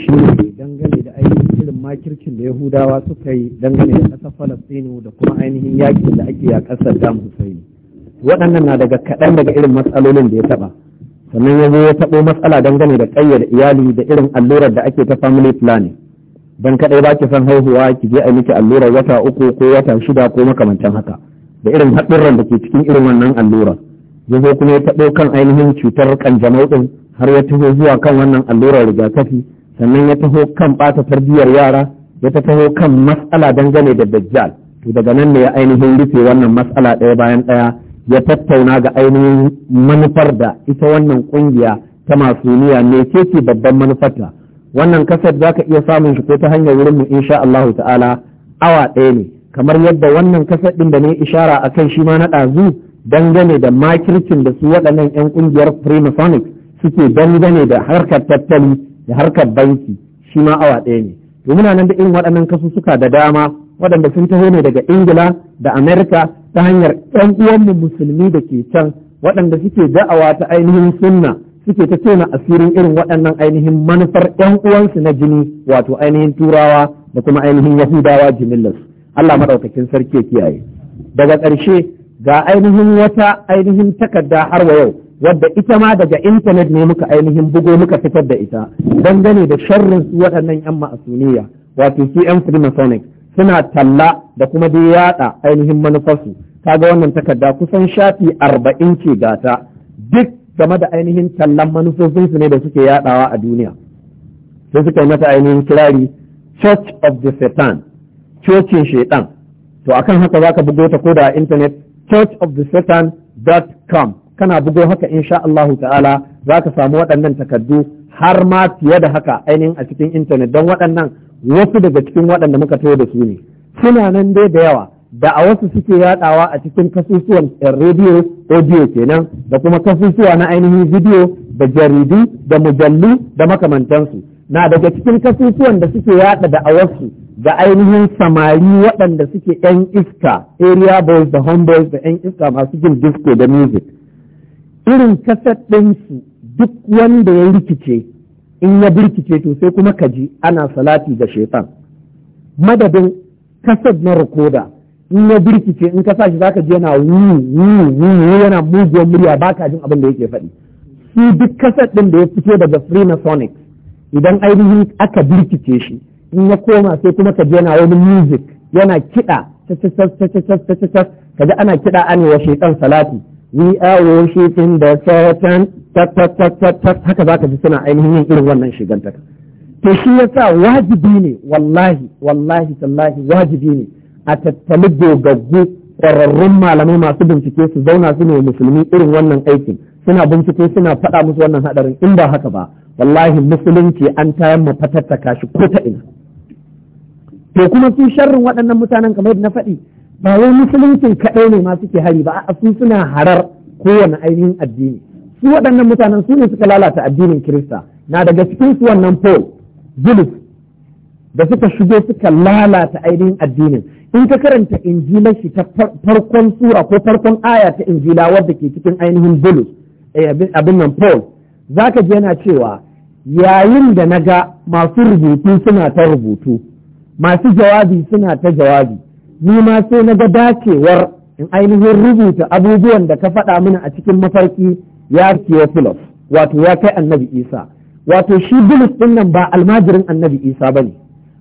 Speaker 1: shi ne dangane da ainihin irin makircin da yahudawa suka yi dangane da ƙasar falastinu da kuma ainihin yakin da ake a ƙasar dam husaini waɗannan na daga kaɗan daga irin matsalolin da ya taɓa sannan ya zo ya taɓo matsala dangane da ƙayyade iyali da irin allurar da ake ta family planning dan kaɗai ba ki san haihuwa ki je a miki allurar wata uku ko wata shida ko makamancin haka da irin haɗurran da ke cikin irin wannan allurar ya zo kuma ya taɓo kan ainihin cutar kanjamau ɗin har ya taho zuwa kan wannan allurar rigakafi sannan ya taho kan ɓata tarbiyyar yara ya ta taho kan matsala dangane da dajjal to daga nan ne ya ainihin rufe wannan matsala ɗaya bayan ɗaya ya tattauna ga ainihin manufar da ita wannan ƙungiya ta masuniya ne ce ce babban manufarta wannan kasar za ka iya samun shi ko ta hanyar wurinmu insha Allahu ta'ala awa ɗaya ne kamar yadda wannan kasar ɗin da ne ishara a kan shi ma na ɗazu dangane da makircin da su waɗannan 'yan ƙungiyar freemasonic suke dangane da harkar tattali da harkar banki shi ma awa ɗaya ne to muna nan da irin waɗannan kasussuka da dama waɗanda sun taho ne daga ingila da amerika ta hanyar 'yan uwanmu musulmi da ke can waɗanda suke da'awa ta ainihin sunna suke ta tona asirin irin waɗannan ainihin manufar 'yan uwansu na jini wato ainihin turawa da kuma ainihin yahudawa jimillas. allah maɗaukakin sarki ya kiyaye daga ƙarshe ga ainihin wata ainihin takarda har wa yau wadda ita ma daga intanet ne muka ainihin bugo muka fitar da ita dangane da sharrin su waɗannan 'yan ma'asuniya wato su 'yan freemasonic suna talla da kuma dai yaɗa ainihin manufarsu ga wannan takarda kusan shafi arba'in ce gata duk game da ainihin tallan manufofinsu ne da suke yaɗawa a duniya sai suka yi mata ainihin kirari church of the satan cocin shaitan to akan haka za ka bugo ta ko da a intanet churchofthesatan.com kana bugo haka insha Allahu ta'ala za ka samu waɗannan takardu har ma fiye da haka ainihin a cikin intanet don waɗannan wasu daga cikin waɗanda muka taho da su ne suna nan dai da yawa da a wasu suke yaɗawa a cikin kasusuwan rediyo audio kenan da kuma kasusuwa na ainihin video da jaridu da mujallu da makamantansu na daga cikin kasusuwan da suke yada da a wasu da ainihin samari waɗanda suke 'yan iska area boys da home boys da 'yan iska masu jin disco da music irin kasar ɗinsu duk wanda ya rikice in ya birkice to sai kuma kaji ana salati ga shaitan madadin kasar na rikoda in ya birkice in kasa shi zaka ji yana wu wu yana muguwar murya baka jin abin da yake faɗi su duk kasar ɗin da ya fito daga Freemasonic idan ainihin aka birkice shi in ya koma sai kuma ka je na wani music yana kiɗa kaji ana kiɗa an wa shaitan salati we are worshiping the satan haka za ka ji suna ainihin yin irin wannan shigantaka to shi yasa wajibi ne wallahi wallahi tallahi wajibi ne a tattali dogaggu ƙwararrun malamai masu bincike su zauna su ne musulmi irin wannan aikin suna bincike suna faɗa musu wannan haɗarin in ba haka ba wallahi musulunci an ta mu fatattaka shi ko ta ina to kuma su sharrin waɗannan mutanen kamar yadda na faɗi ba wai musuluncin kaɗai ne masu ke hari ba a su suna harar kowane ainihin addini su waɗannan mutanen su ne suka lalata addinin kirista na daga cikin su wannan paul bulus da suka shigo suka lalata ainihin addinin in ka karanta injila shi ta farkon sura ko farkon aya ta injila wadda ke cikin ainihin bulus eh, abin nan paul zaka ji yana cewa yayin da na ga masu rubutu suna ta rubutu masu jawabi suna ta jawabi ni ma sai na ga dacewar in ainihin rubuta abubuwan da ka faɗa mini a cikin mafarki ya Theophilus wato ya kai annabi Isa wato shi Bulus ɗin nan ba almajirin annabi Isa ba ne.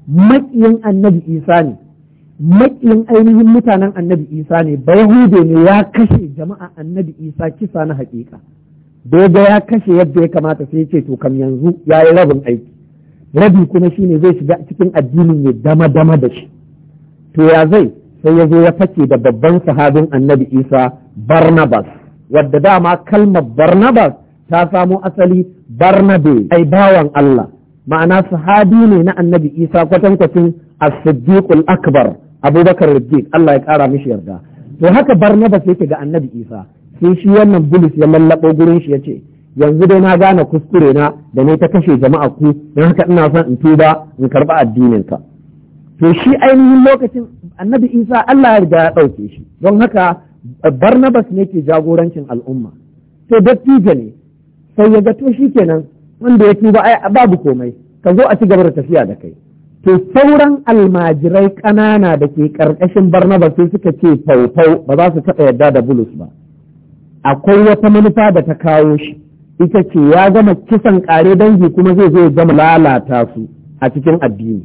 Speaker 1: maƙiyin annabi Isa ne maƙiyin ainihin mutanen annabi Isa ne ba Yahude ne ya kashe jama'a annabi Isa kisa na haƙiƙa. Dogo ya kashe yadda ya kamata sai ya ce to kam yanzu ya yi rabin aiki rabi kuma shine zai shiga cikin addinin ya dama dama da shi to ya zai sai ya zo ya fake da babban sahabin annabi isa barnabas wadda dama kalmar barnabas ta samo asali barnabe ai bawan allah ma'ana sahabi ne na annabi isa kwatankwacin as-siddiqul akbar abubakar siddiq allah ya kara mishi yarda to haka barnabas yake ga annabi isa sai shi wannan bulus ya lallabo gurin shi ya ce yanzu dai na gane kuskure na da ne ta kashe jama'a ku don haka ina son in tuba in karba addinin ka to shi ainihin lokacin annabi isa Allah ya riga ya ɗauke shi don haka barnabas ne ke jagorancin al'umma to dattijo ne sai ya ga to shi kenan wanda ya tuba ai babu komai ka zo a ci gaba da tafiya da kai to sauran almajirai ƙanana da ke ƙarƙashin barnabas sai suka ce faufau ba za su taɓa yarda da bulus ba akwai wata manufa da ta kawo shi ita ce ya gama kisan ƙare dangi kuma zai zo gama lalata su a cikin addini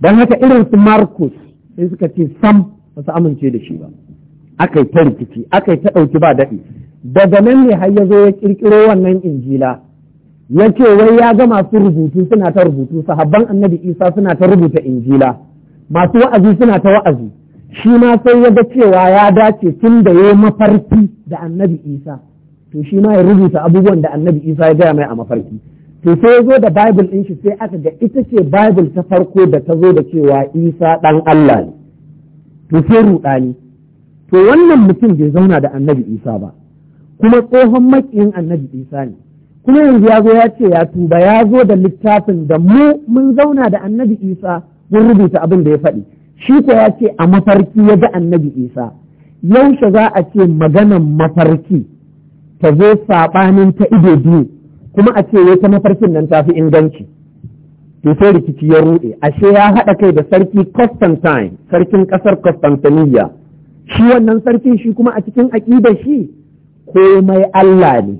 Speaker 1: don haka irin su Marcus sai suka ce sam ba su amince da shi ba aka yi ta rikici aka yi ta ɗauki ba daɗi daga nan ne har ya zo ya ƙirƙiro wannan injila ya ce wai ya ga masu rubutu suna ta rubutu sahabban annabi isa suna ta rubuta injila masu wa'azi suna ta wa'azi shi ma sai ya ga cewa ya dace tun da ya mafarki da annabi isa to shi ma ya rubuta abubuwan da annabi isa ya gaya mai a mafarki to sai ya zo da bible ɗin shi sai aka ga ita ce bible ta farko da ta zo da cewa isa ɗan allah ne to sai ni. to wannan mutum bai zauna da annabi isa ba kuma tsohon makiyin annabi isa ne kuma yanzu ya zo ya ce ya tuba ya zo da littafin da mu mun zauna da annabi isa mun rubuta abin da ya faɗi shi ko ya ce a mafarki ya ga annabi isa yaushe za a ce maganan mafarki ta zo saɓanin ta ido biyu kuma a ce wai ta mafarkin nan ta fi inganci to sai rikici ya ruɗe ashe ya haɗa kai da sarki Constantine sarkin ƙasar Constantinia shi wannan sarkin shi kuma a cikin aƙidar shi komai Allah ne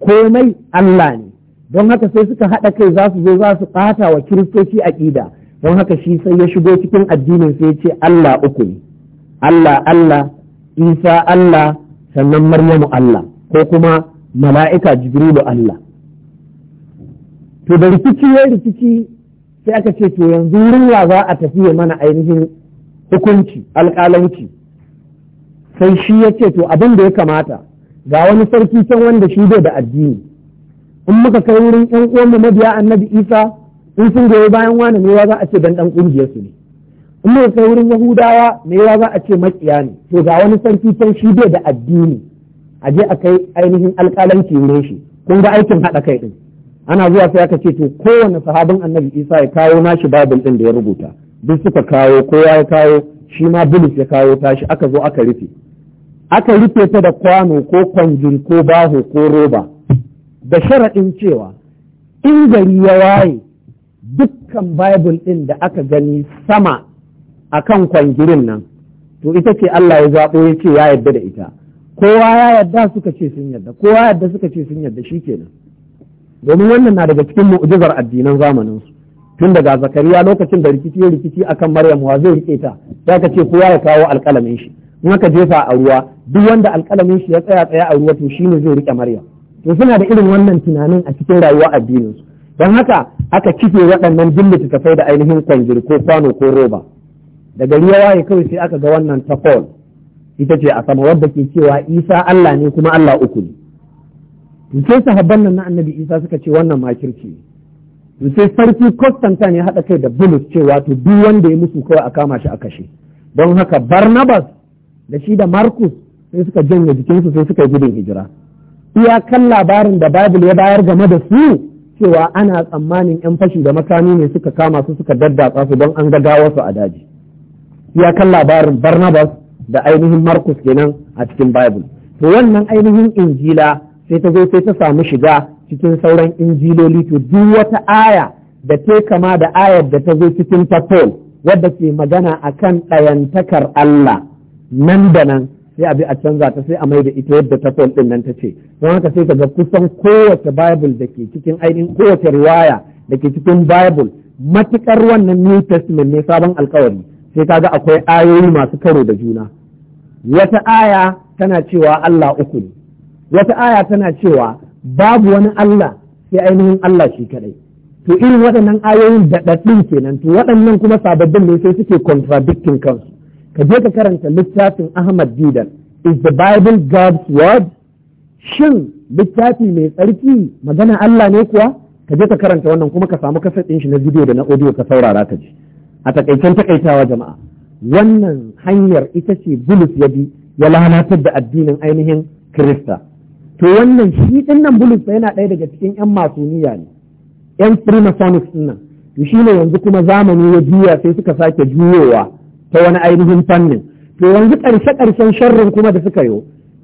Speaker 1: komai Allah ne don haka sai suka haɗa kai za su zo za su ɓata wa kiristoci aƙida don haka shi sai ya shigo cikin addinin sai ya ce Allah uku ne Allah Allah Isa Allah sannan Maryamu Allah ko kuma mala'ika jibrilu Allah to da rikici ya rikici sai aka ce to yanzu wurin za a tafi mana ainihin hukunci alƙalanci sai shi ya ce to abin da ya kamata ga wani sarki can wanda shi bai da addini in muka kai wurin yan uwanmu mabiya annabi isa in sun goyi bayan wani ne za a ce dan ɗan ƙungiyar su ne in muka kai wurin yahudawa ne za a ce makiya ne to ga wani sarki can shi bai da addini a je a kai ainihin alƙalanci wurin shi kun ga aikin haɗa kai ɗin ana zuwa sai aka ce to kowane sahabin annabi isa ya kawo nashi babul ɗin da ya rubuta duk suka kawo kowa ya kawo shi ma bulus ya kawo tashi aka zo aka rufe aka rufe ta da kwano ko kwanjin ko baho ko roba da sharaɗin cewa in gari ya waye dukkan bible ɗin da aka gani sama akan kwangirin nan to ita ce Allah ya zaɓo ya ce ya yadda da ita kowa ya yadda suka ce sun yadda kowa yadda suka ce sun yadda kenan. domin wannan na daga cikin mu'jizar addinan zamanin su tun daga zakariya lokacin da rikici ya rikici akan maryam wa zai rike ta ya ka ce kowa ya kawo alƙalamin shi in aka jefa a ruwa duk wanda alƙalamin shi ya tsaya tsaya a ruwa to shine zai rike maryam to suna da irin wannan tunanin a cikin rayuwa addinin su don haka aka kife waɗannan duk littattafai da ainihin kwangiri ko kwano ko roba da gari ya waye kawai sai aka ga wannan tafol ita ce a sama wadda ke cewa isa Allah ne kuma Allah uku ne sai sahabban nan na annabi isa suka ce wannan makirci ne sai sarki Constantine ne haɗa kai da Bulus cewa to duk wanda ya musu kawai a kama shi a kashe don haka Barnabas da shi da Markus sai suka janye jikinsu sai suka yi gudun hijira iyakan labarin da Bible ya bayar game da su cewa ana tsammanin 'yan fashi da makami ne suka kama su suka daddatsa su don an ga su a daji iyakan labarin Barnabas da ainihin Markus kenan a cikin Bible to wannan ainihin injila sai ta zo sai ta samu shiga cikin sauran injiloli to duk wata aya da ta kama da ayar da ta zo cikin ta wadda ke magana a kan ɗayantakar Allah nan da nan sai a bi a canza ta sai a mai da ita yadda ta Paul ɗin nan ta ce don haka sai ka ga kusan kowace Bible da ke cikin ainihin kowace riwaya da ke cikin Bible matukar wannan New Testament ne sabon alkawari sai kaga akwai ayoyi masu karo da juna wata aya tana cewa Allah uku ne wata aya tana cewa babu wani Allah sai ainihin Allah shi kaɗai. to irin waɗannan ayoyin ɗaɗɗin kenan to waɗannan kuma sababbin ne sai suke contradicting kansu ka je ka karanta littafin Ahmad Didan is the bible God's word shin littafi mai tsarki magana Allah ne kuwa ka je ka karanta wannan kuma ka samu kasar ɗin shi na bidiyo da na audio ka saurara ka ji a takaicen takaitawa jama'a wannan hanyar ita ce bulus ya bi ya lalatar da addinin ainihin kirista to wannan shi din nan bulus yana ɗaya daga cikin yan masuniya ne yan primasonics din nan to shi ne yanzu kuma zamani ya juya sai suka sake juyowa ta wani ainihin fannin to yanzu ƙarshe ƙarshen sharrin kuma da suka yi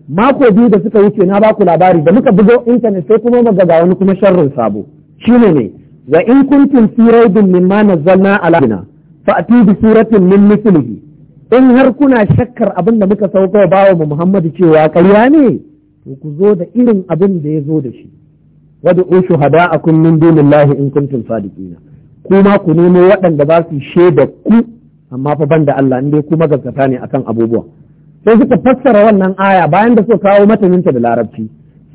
Speaker 1: mako biyu da suka wuce na ba ku labari da muka bugo intanet sai kuma mu ga wani kuma sharrin sabo shine ne wa in kuntum fi raibin mimma nazzalna ala fa'ati bi suratin min mislihi in har kuna shakkar abin da muka sauka ba wa Muhammadu cewa ƙarya ne to ku zo da irin abin da ya zo da shi wada ushu hada a kunnin dunillahi in kuntum sadiqina kuma ku nemo waɗanda ba su shaida ku amma fa banda Allah inda dai kuma gaskata ne akan abubuwa sai suka fassara wannan aya bayan da suka kawo mata mataninta da larabci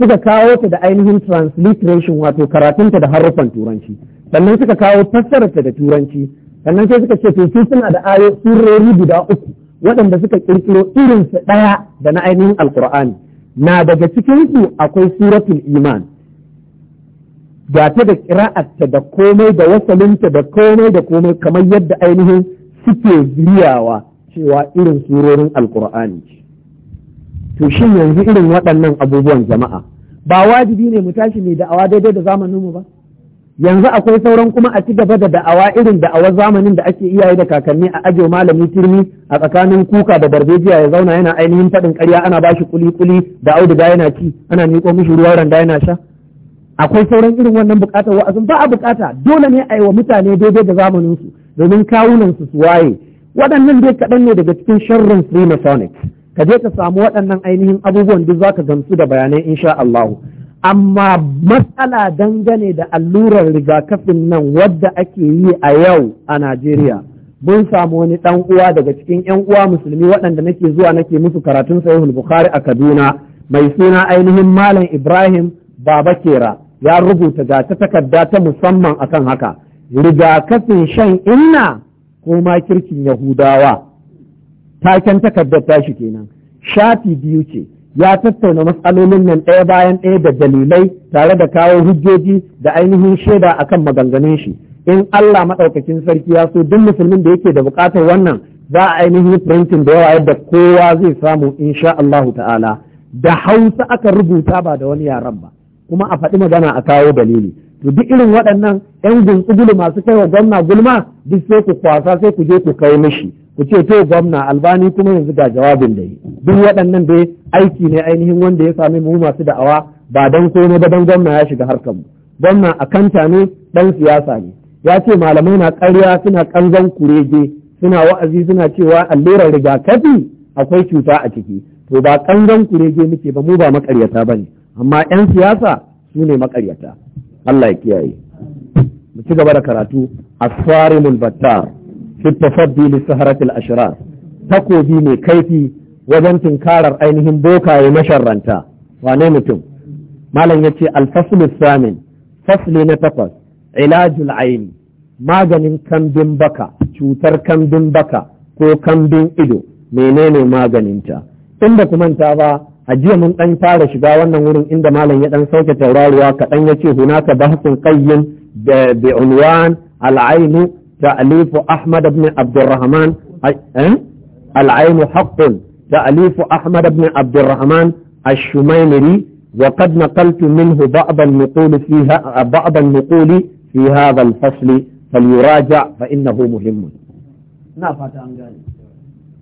Speaker 1: suka kawo ta da ainihin transliteration wato karatunta da haruffan turanci sannan suka kawo fassararta da turanci sannan sai suka ce to su suna da ayo surori guda uku waɗanda suka kirkiro irin su ɗaya da na ainihin alkur'ani na daga cikin su akwai suratul iman ga ta da ƙira'arta da komai da wasalinta da komai da komai kamar yadda ainihin suke biyawa cewa irin surorin alkur'ani to shin yanzu irin waɗannan abubuwan jama'a ba wajibi ne mu tashi mai da'awa daidai da zamaninmu ba yanzu akwai sauran kuma a ci gaba da da'awa irin da'awar zamanin da ake iyaye da kakanni a ajo malami turmi a tsakanin kuka da barbejiya ya zauna yana ainihin faɗin ƙarya ana ba shi kuli-kuli da auduga yana ci ana miƙo mishi ruwa randa yana sha akwai sauran irin wannan buƙatar wa'azi ba a buƙata dole ne a yi wa mutane daidai da zamanin su domin kawunan su su waye waɗannan dai kaɗan ne daga cikin sharrin freemasonic ka je ka samu waɗannan ainihin abubuwan duk zaka gamsu da bayanai insha allahu amma matsala dangane da allurar rigakafin nan wadda ake yi a yau a Najeriya mun samu wani ɗan uwa daga cikin yan uwa musulmi waɗanda nake zuwa nake musu karatun sahihul bukhari a Kaduna mai suna ainihin malam Ibrahim Baba Kera ya rubuta ga ta takarda ta musamman akan haka rigakafin shan inna ko kirkin Yahudawa taken takardar tashi kenan shafi biyu ce ya tattauna matsalolin nan ɗaya bayan ɗaya da dalilai tare da kawo hujjoji da ainihin shaida a kan maganganun shi in Allah maɗaukakin sarki ya so duk musulmin da yake da buƙatar wannan za a ainihin printin da yawa yadda kowa zai samu insha Allahu ta'ala da Hausa aka rubuta ba da wani yaran ba kuma a faɗi magana a kawo dalili to duk irin waɗannan 'yan guntsugulu masu kai wa gwamna gulma duk sai ku kwasa sai ku je ku kai mishi ku ce to gwamna albani kuma yanzu ga jawabin da yi duk waɗannan dai aiki ne ainihin wanda ya sami mu masu da'awa ba dan komai ba dan gwamna ya shiga harkar mu gwamna akanta ne dan siyasa ne ya ce malamai na ƙarya suna ƙanzon kurege suna wa'azi suna cewa allurar rigakafi akwai cuta a ciki to ba ƙanzon kurege muke ba mu ba makaryata ba ne amma 'yan siyasa su ne makaryata Allah ya kiyaye mu ci gaba da karatu asfarimul battar fi tafaddi li saharatil ashrar takobi mai kaifi wajen tinkarar ainihin bokaye masharranta wane mutum malam yace al-fasl fasli na takwas ilajul aini maganin kambin baka cutar kambin baka ko kambin ido menene maganinta inda ku manta ba a mun ɗan fara shiga wannan wurin inda malam ya ɗan sauke tauraruwa kaɗan ya ce hunaka bahsun qayyin bi unwan al تأليف أحمد بن عبد الرحمن العين حق تأليف أحمد بن عبد الرحمن الشميمري وقد نقلت منه بعض النقول فيها بعض النقول في هذا الفصل فليراجع فإنه مهم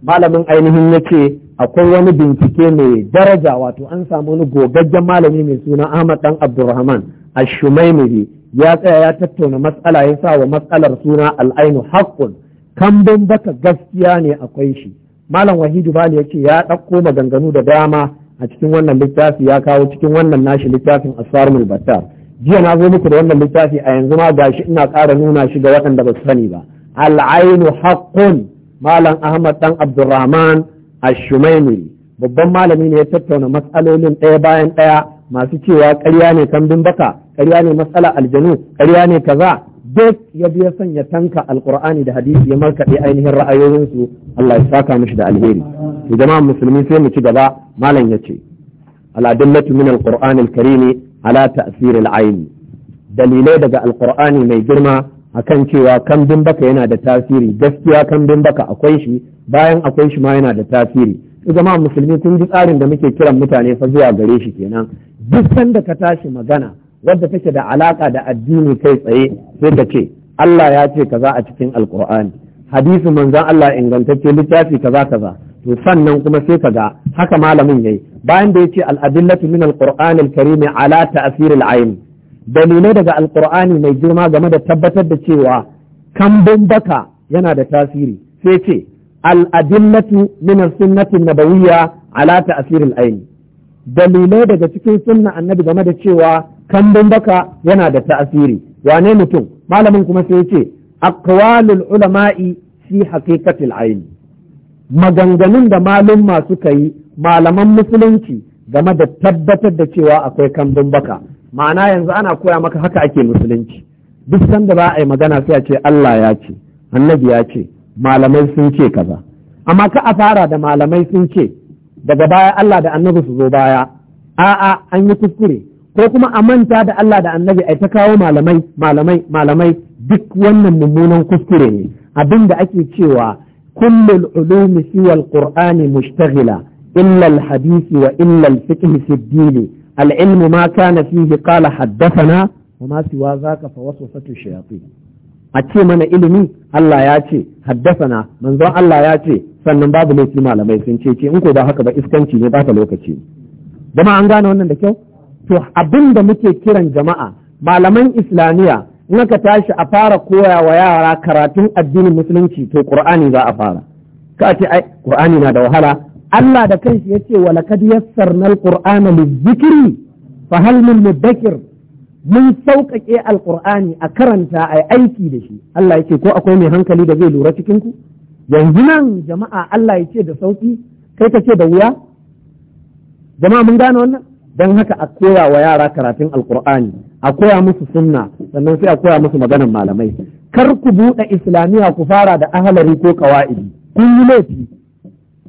Speaker 1: malamin ainihin yake akwai wani bincike mai daraja wato an samu wani gogaggen malami mai suna Ahmad dan Abdulrahman Ash-Shumaymiri ya tsaya ya tattauna matsala ya sa wa matsalar suna al'ainu haƙƙun kambun baka gaskiya ne akwai shi malam wahidu bali ya ce ya ɗauko maganganu da dama a cikin wannan littafi ya kawo cikin wannan nashi littafin asfarmul battar jiya na zo muku da wannan littafi a yanzu ma gashi ina ƙara nuna shi ga waɗanda ba su sani ba al'ainu haƙƙun malam ahmad dan abdurrahman ashumaini babban malami ne ya tattauna matsalolin ɗaya bayan ɗaya masu cewa ƙarya ne kambun baka ƙarya ne matsala aljanu ƙarya ne kaza duk ya biya son ya tanka alqur'ani da hadisi ya markaɗe ainihin ra'ayoyinsu Allah ya saka mishi da alheri to jama'an musulmi sai mu ci gaba malam yace al-adillatu min al-qur'an ala ta'sir aini. dalilai daga alqur'ani mai girma akan cewa kambin baka yana da tasiri gaskiya kambin baka akwai shi bayan akwai shi ma yana da tasiri Su jama'a musulmi tun ji tsarin da muke kiran mutane fa zuwa gare shi kenan duk sanda ka tashi magana wadda take da alaka da addini kai tsaye sai ka ce Allah ya ce kaza a cikin alkur'ani hadisi manzon Allah ingantacce littafi kaza kaza to sannan kuma sai ka ga haka malamin yayi bayan da yace al-adillatu min al-qur'an ala ta'sir al dalilai daga alkur'ani mai girma game da tabbatar da cewa kambun baka yana da tasiri sai ce al-adillatu min sunnati nabawiyya ala ta'sir al dalilai daga cikin sunna annabi game da cewa kambun baka yana da ta'asiri wane mutum malamin kuma sai ce aqwalul ulama'i fi haqiqatil aini maganganun da malum masu kai malaman musulunci game da tabbatar da cewa akwai kambun baka ma'ana yanzu ana koya maka haka ake musulunci duk sanda ba a yi magana sai a ce Allah ya ce annabi ya ce malamai sun ce kaza amma ka a fara da malamai sun ce daga baya Allah da annabi su zo baya a'a an yi kuskure ko kuma a manta da Allah da annabi ai ta kawo malamai malamai malamai duk wannan mummunan kuskure ne abin da ake cewa kullul ulumi siwa alqur'ani mushtaghila illa alhadisi wa illa alfiqh fi ad-din العلم ما كان فيه قال حدثنا وما سوى ذاك فوسوسة الشياطين ce mana ilimi Allah ya ce na manzon Allah ya ce sannan babu laifi malamai sun ce ce in ko ba haka ba iskanci ne ba ta lokaci jama'a an gane wannan da kyau to abin da muke kiran jama'a malaman islamiyya in aka tashi a fara koya wa yara karatun addinin musulunci to qur'ani za a fara ka ce ai qur'ani na da wahala Allah da kanshi yace wa laqad yassarna al-qur'ana fa hal min mudakkir mun sauƙaƙe alƙur'ani a karanta ai aiki da shi Allah yake ko akwai mai hankali da zai lura cikin ku yanzu nan jama'a Allah ya ce da sauki kai ka ce da wuya jama'a mun gane wannan don haka a koya wa yara karatun alkur'ani a koya musu sunna sannan sai a koya musu maganan malamai kar ku buɗe islamiyya ku fara da ahalari ko kawa'idi kun yi laifi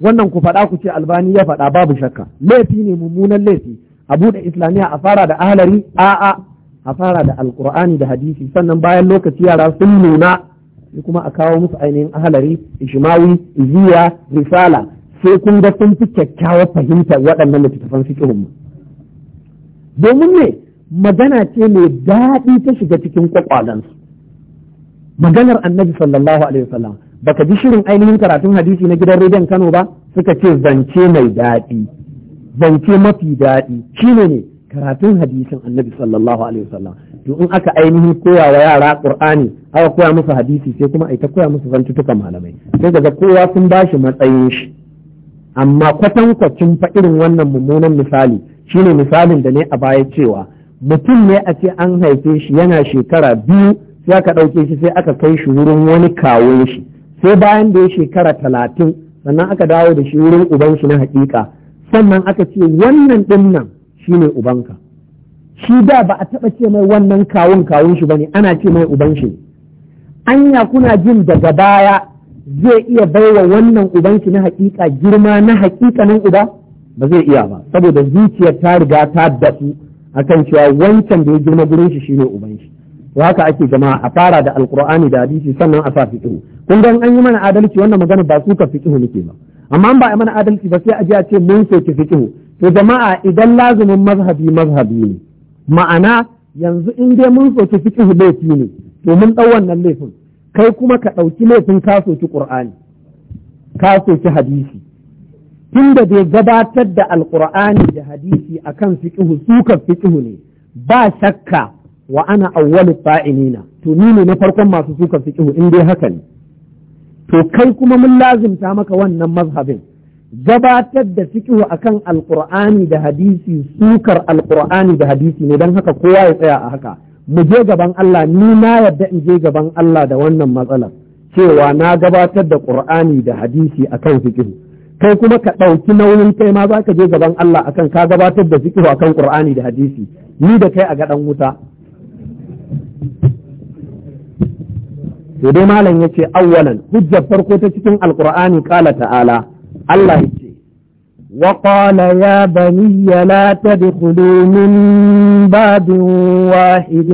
Speaker 1: wannan ku faɗa ku ce albani ya faɗa babu shakka laifi ne mummunan laifi a buɗe islamiyya a fara da ahalari a'a a fara da alkur'ani da hadisi sannan bayan lokaci yara sun nuna shi kuma a kawo musu ainihin ahalari ishimawi, iziya risala sai kun ga sun fi kyakkyawar fahimtar waɗannan littattafan fiqhun mu domin ne magana ce mai daɗi ta shiga cikin kwakwalansu maganar annabi sallallahu alaihi wasallam baka ji shirin ainihin karatun hadisi na gidan rediyon Kano ba suka ce zance mai daɗi zance mafi daɗi shine ne karatun hadisin annabi sallallahu alaihi wasallam to in aka ainihi koya wa yara qur'ani aka koya musu hadisi sai kuma ai ta koya musu zantutukan malamai sai daga kowa sun bashi matsayin shi amma kwatankwacin fa irin wannan mummunan misali shine misalin da ne a baya cewa mutum ne a ce an haife shi yana shekara biyu sai aka ɗauke shi sai aka kai shi wurin wani kawo shi sai bayan da ya shekara talatin sannan aka dawo da shi wurin uban shi na hakika sannan aka ce wannan ɗinnan. shi ne ubanka shi da ba a taɓa ce mai wannan kawun kawun shi ba ne ana ce mai uban shi anya kuna jin daga baya zai iya baiwa wannan uban shi na hakika girma na hakikanin uba ba zai iya ba saboda zuciyar ta riga ta dafu akan cewa wancan da ya girma gurin shi shine uban shi to haka ake gama a fara da alqur'ani da hadisi sannan a sa fiqh kun ga an yi mana adalci wannan magana ba su ka fiqh nake ba amma ba a mana adalci ba sai a je a ce mun soki fiqh to jama'a idan lazumin mazhabi mazhabi ne ma'ana yanzu in dai mun soki fiqh laifi ne to mun ɗau wannan laifin kai kuma ka ɗauki laifin ka soki ƙur'ani, ka soki hadisi tunda bai gabatar da alƙur'ani da hadisi akan fiqh ka fiqh ne ba shakka wa ana awwalu fa'inina to ni ne na farkon masu sukar fiqh in dai haka ne to kai kuma mun lazimta maka wannan mazhabin gabatar da a akan Alƙur'ani da hadisi sukar Alƙur'ani da hadisi ne don haka kowa ya tsaya a haka mu je gaban Allah ni na yadda in je gaban Allah da wannan matsalar cewa na gabatar da ƙur'ani da hadisi akan fiƙi kai kuma ka ɗauki nauyin kai ma za ka je gaban Allah akan ka gabatar da a akan ƙur'ani da hadisi ni da kai a gaɗan wuta to dai malam ce awwalan hujjar farko ta cikin Alƙur'ani ƙala ta'ala الله يجي وقال يا بني لا تدخلوا من باب واحد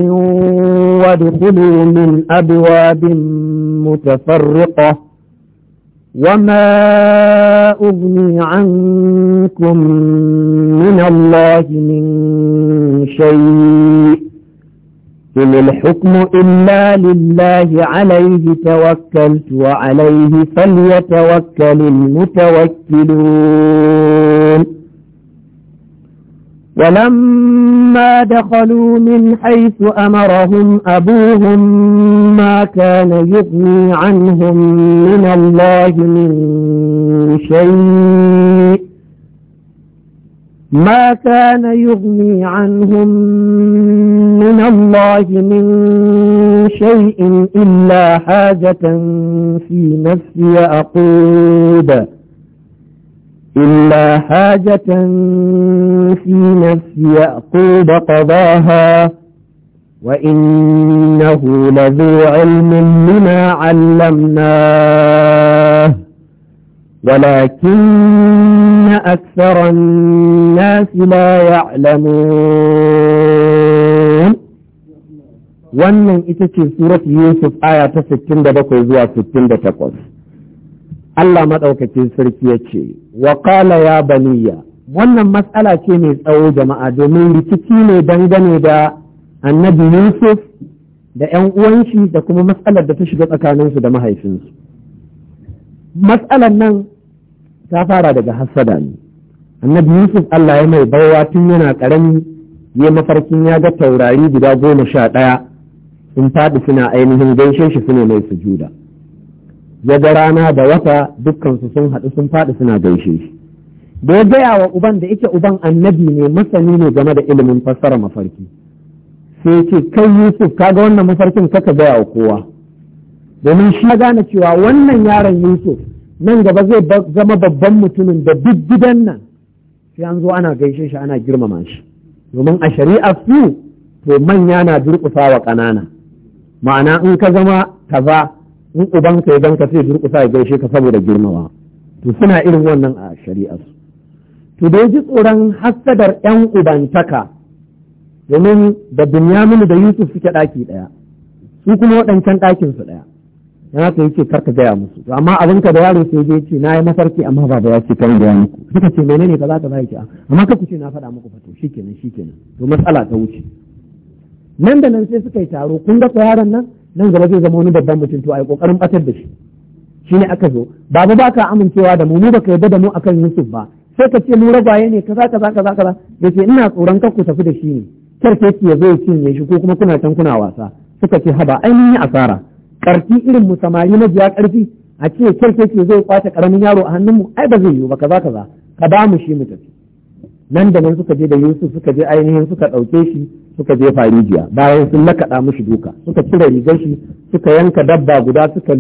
Speaker 1: وادخلوا من أبواب متفرقة وما أغني عنكم من الله من شيء إن الحكم إلا لله عليه توكلت وعليه فليتوكل المتوكلون ولما دخلوا من حيث أمرهم أبوهم ما كان يغني عنهم من الله من شيء ما كان يغني عنهم من الله من شيء إلا حاجة في نفس يعقوب
Speaker 2: إلا
Speaker 1: حاجة في نفس يعقوب قضاها وإنه لذو علم لما علمناه ولكن أكثر الناس لا يعلمون wannan ita ce surat Yusuf aya ta 67 zuwa 68 Allah maɗaukakin sarki ya ce wa ya baniya wannan matsala ce mai tsawo jama'a domin rikici ne dangane da annabi Yusuf da 'yan uwanshi da kuma matsalar da ta shiga tsakaninsu da mahaifinsu matsalar nan ta fara daga hassada ne annabi yusuf allah ya mai bawa tun yana ƙarami ya mafarkin ya ga taurari guda goma sha ɗaya sun faɗi suna ainihin gaishe shi suna mai sujuda ya ga rana da wata dukkansu sun haɗu sun faɗi suna gaishe shi da ya gaya wa uban da yake uban annabi ne masani ne game da ilimin fassara mafarki sai ce kai yusuf ka ga wannan mafarkin kaka gaya wa kowa domin shi gane cewa wannan yaron yusuf nan gaba zai zama babban mutumin da duk gidan nan sai an zo ana gaishe shi ana girmama shi domin a shari'a su to manya na durƙusa wa ƙanana ma'ana in ka zama kaza in ubanka ya ganka sai durƙusa ya gaishe ka saboda girmama to suna irin wannan a shari'a su to da ji tsoron hassadar ƴan ubantaka domin da Binyaminu da Yusuf suke ɗaki ɗaya su kuma waɗancan ɗakin su ɗaya dan haka yake kar ka gaya musu to amma abin ka da yaro sai je ce na yi mafarki amma baba ya ce kan gaya muku suka ce menene ka za ka zai a amma ka ku ce na faɗa muku fato shikenan shikenan to matsala ta wuce nan da nan sai suka yi taro kun ga yaron nan nan gaba zai zama wani babban mutum to ai kokarin batar da shi shine aka zo babu ba ka amincewa da mu mu ka yarda da mu akan Yusuf ba sai ka ce mu ragwaye ne kaza kaza kaza kaza yace ina tsoron kar ku tafi da shi ne kar ke ya zo ya cinye shi ko kuma kuna can kuna wasa suka ce haba ai asara karfi irin mu samari majiya karfi a ce kirkirki zai kwace karamin yaro a hannunmu ai ba zai yiwu ba kaza kaza ka ba mu shi mu tafi nan da nan suka je da Yusuf suka je ainihin suka ɗauke shi suka je farijiya bayan sun lakaɗa mushi duka suka cire rigar shi suka yanka dabba guda suka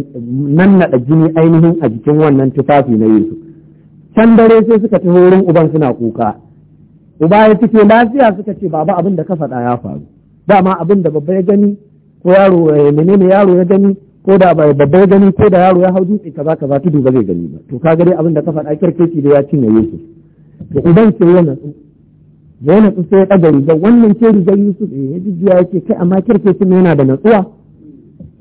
Speaker 1: nannaɗa jini ainihin a jikin wannan tufafi na Yusuf can dare sai suka tafi wurin uban suna kuka uba ya fice lafiya suka ce baba abin da ka faɗa ya faru dama abin da babba ya gani ko yaro eh, menene yaro ya gani ko da bai babbar gani ko da yaro ya hau dutse kaza kaza tudu ba zai gani ba to kaga dai abin da ka faɗa shi da ya cinye Yusuf to uban sai ya natsu da na sai ya ɗaga riga wannan ce rigar Yusuf eh, ya jijjiya ya kai amma ne yana da natsuwa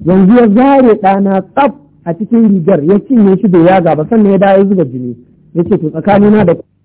Speaker 1: yanzu ya zare ɗana tsaf a cikin rigar ya cinye shi da yaga ba sannan ya dawo zuba jini ya ce to tsakanina da